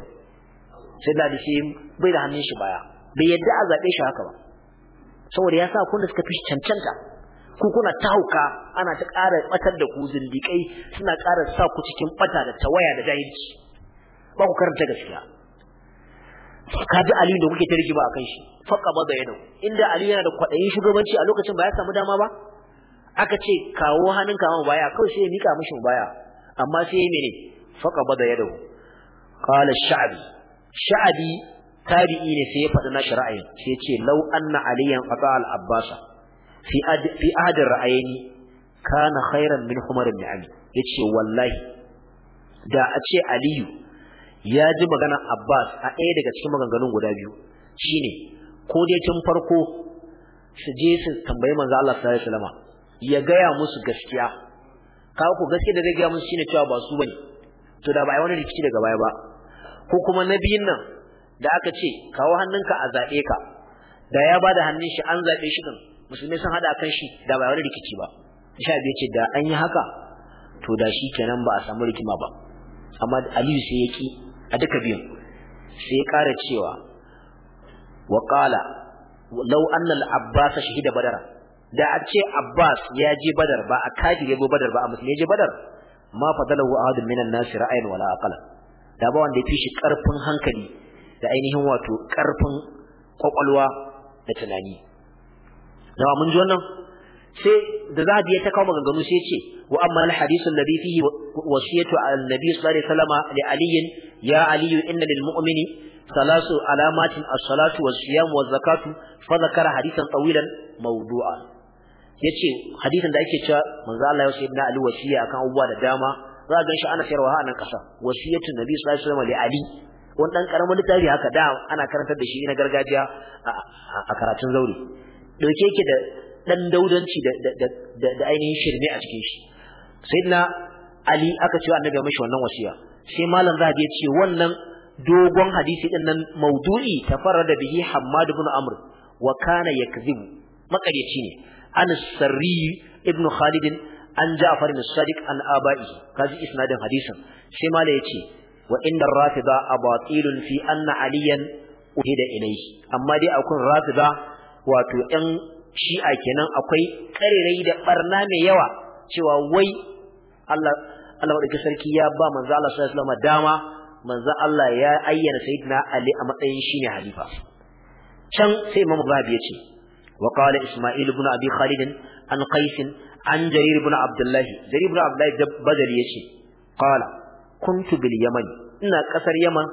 sai da shi bai da hannun shi baya bai yadda a zaɓe shi haka ba saboda ya sa kun da suka fi cancanta ku kuna ta hauka ana ta ƙara batar da ku zindiƙai suna ƙara sa ku cikin bata da tawaya da jahilci ba ku karanta gaskiya ka ji Ali da kuke ta rigima a kan shi faka bada yado inda Ali yana da kwaɗayin shugabanci a lokacin ba ya samu dama ba aka ce kawo hannun kawo baya kawai sai ya mika mishi baya amma sai ya mene faka bada yadda qala Sha'abi sha'abi tabi'i ne sai ya faɗi na ra'ayin. sai ya ce law anna aliyan faɗa al'abbasa. fi adin ahad kana khairan min humar ibn ali ce wallahi da a ce aliyu ya ji maganar abbas a ɗaya daga cikin maganganun guda biyu Shi ne ko dai tun farko su je su tambayi manzo Allah sallallahu alaihi wasallam ya gaya musu gaskiya kawo ku gaskiya da zai gaya musu shine cewa ba su bane to da ba ai wani rikici daga baya ba ko kuma na biyun nan da aka ce kawo hannunka a zaɓe ka da ya bada hannun shi an zaɓe shi din musulmai sun hada kan shi da ba wani rikici ba sha biyu ce da an yi haka to da shi kenan ba a samu rikima ba amma Aliyu sai ya ki a duka biyun sai ya ƙara cewa wa qala law anna al-abbas shahida badara da a ce Abbas ya je Badar ba a kafir ya Badar ba a musulmi ya je Badar ma fadalahu ahad minan nas ra'ayin wala aqala da ba wanda ya fi shi karfin hankali da ainihin wato karfin kwakwalwa da tunani da mun ji wannan sai da zahabi ya ta kawo maganganu sai ce wa amma al hadithu alladhi fihi wasiyatu al nabi sallallahu alaihi wasallam li ali ya ali inna lil mu'mini ثلاث علامات الصلاة والصيام والزكاة فذكر حديثا طويلا موضوعا yace hadisin da ake cewa manzo Allah ya ce ibn Ali wasiya akan abubuwa da dama za ga shi ana sayarwa ha nan kasa wasiyatu nabi sallallahu alaihi wasallam li Ali wani dan karamin littafi haka da ana karantar da shi na gargajiya a karatun zauri dauke yake da dan daudanci da da ainihin shirme a cikin shi sayyidina Ali aka ce annabi mashi wannan wasiya sai malam zahabi ya ce wannan dogon hadisi din nan maudu'i tafarrada bihi Hammad ibn Amr wa kana yakzibu makaryaci ne an sarri ibn khalid an ja'far bin sadiq an abai kaji isnadin hadisin sai mala yace wa inna rafida abatilun fi anna aliyan uhida ilayhi amma dai akun rafida wato ɗan shi'a kenan akwai karerai da ɓarna mai yawa cewa wai Allah Allah madaukakin sarki ya ba manzo Allah sallallahu alaihi wasallam dama manzo Allah ya ayyana sayyidina Ali a matsayin shine halifa can sai Imam Zahabi ya ce وقال إسماعيل بن أبي خالد عن قيس عن جرير بن عبد الله جرير بن عبد الله بدل يشي قال كنت باليمن إن قصر يمن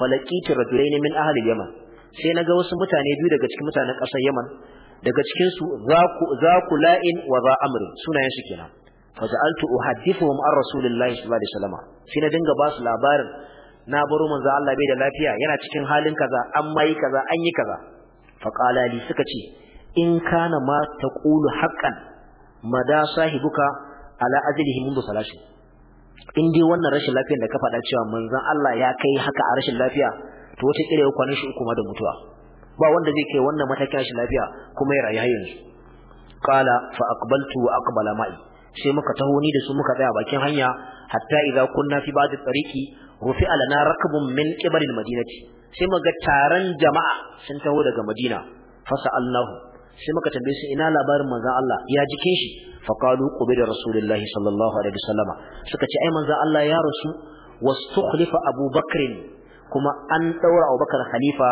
فلقيت رجلين من أهل اليمن sai na ga wasu mutane biyu daga cikin mutanen ƙasar Yaman daga cikin su zaku zaku la'in wa za amr sunayen su kenan fa ja'altu uhaddithuhum an rasulillahi sallallahu alaihi wasallam sai na dinga ba su labarin na baro manzo Allah bai da lafiya yana cikin halin kaza an mai kaza an yi kaza fa qala li suka ce in kana ma ƙulu haqqan mada sahibuka ala ajlihi mundu salashin in dai wannan rashin lafiyar da ka faɗa cewa manzon Allah ya kai haka a rashin lafiya to wata kire kwanan shi uku ma da mutuwa ba wanda zai kai wannan matakin rashin lafiya kuma ya rayu har yanzu qala fa aqbaltu wa aqbala ma'i sai muka taho ni da su muka tsaya bakin hanya hatta idza kunna fi ba'd tariqi rufi alana rakbun min qibal madinati sai muga taron jama'a sun taho daga madina Allahu. sai muka tambaye su ina labarin manzon Allah ya jikin shi fa qalu qubida rasulullahi sallallahu alaihi wasallam suka ce ai manzon Allah ya rasu wastukhlifa abubakr kuma an daura abubakar khalifa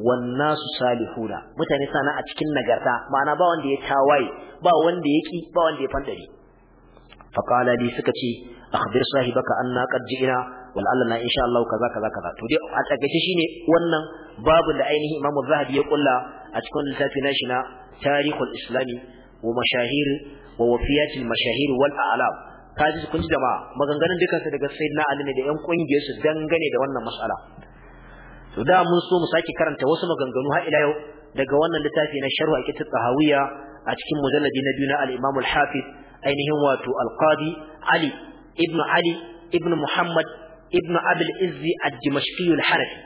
wan nasu salihuna mutane sana a cikin nagarta ma'ana ba wanda ya tawaye ba wanda ya ki ba wanda ya fandare fa qala li suka ce akhbir sahibaka anna qad ji'na wal na insha Allah kaza kaza kaza to dai a tsagace shine wannan babu da ainihi Imam Zahabi ya kulla a cikin littafi na shi na tarihul islami wa mashahiri wa wafiyatil wal a'lam kaji kun ji jama'a maganganun dukan su daga sayyidina ali ne da yan kungiyar su dangane da wannan mas'ala to da mun so mu saki karanta wasu maganganu har ila yau daga wannan littafi na sharh aqidat tahawiyya a cikin mujalladi na biyu na al-imam al-hafiz ainihin wato al-qadi ali ibn ali ibn muhammad ibn abul izzi ad-dimashqi al-harafi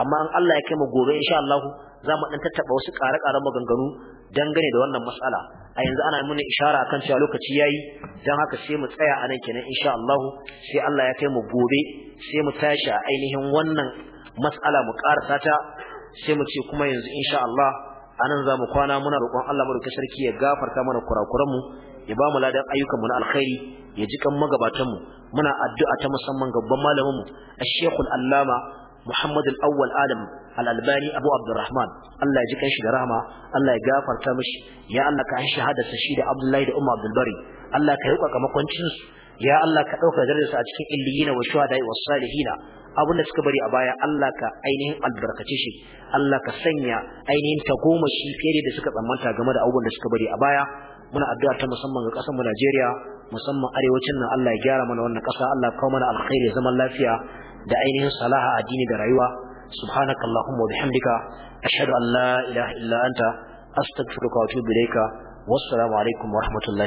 amma an Allah ya kai mu gobe insha Allah za mu dan tattaba wasu ƙare-ƙaren maganganu dangane da wannan mas'ala a yanzu ana mana ishara akan cewa lokaci yayi dan haka sai mu tsaya anan kenan insha Allah sai Allah ya kai mu gobe sai mu tashi a ainihin wannan mas'ala mu karasa ta sai mu ce kuma yanzu insha Allah anan za mu kwana muna roƙon Allah mu sarki ya gafarta mana kurakuran mu ya ba mu ladan ayyukan mu na alkhairi ya ji kan magabatan mu muna addu'a ta musamman gaban malamin mu Ash-Sheikh allama Muhammad Al-Awwal Adam al-albani abu abdurrahman Allah ya ji kanshi da rahama Allah ya gafarta mishi ya Allah ka shahada sa shi da abdullahi da umma abdul bari Allah ka yuka makwancin su ya Allah ka dauka darajar su a cikin illiyina wa shuhada wa salihina abin da suka bari a baya Allah ka ainihin albarkace shi Allah ka sanya ainihin shi fiye da suka tsammanta game da abubuwan da suka bari a baya muna addu'a ta musamman ga kasar mu Najeriya musamman arewacin nan Allah ya gyara mana wannan ƙasa, Allah ya kawo mana alkhairi zaman lafiya da ainihin salaha addini da rayuwa subhanaka allahumma wa bihamdika ashhadu an la ilaha illa anta astaghfiruka wa atubu ilayka wassalamu wa rahmatullahi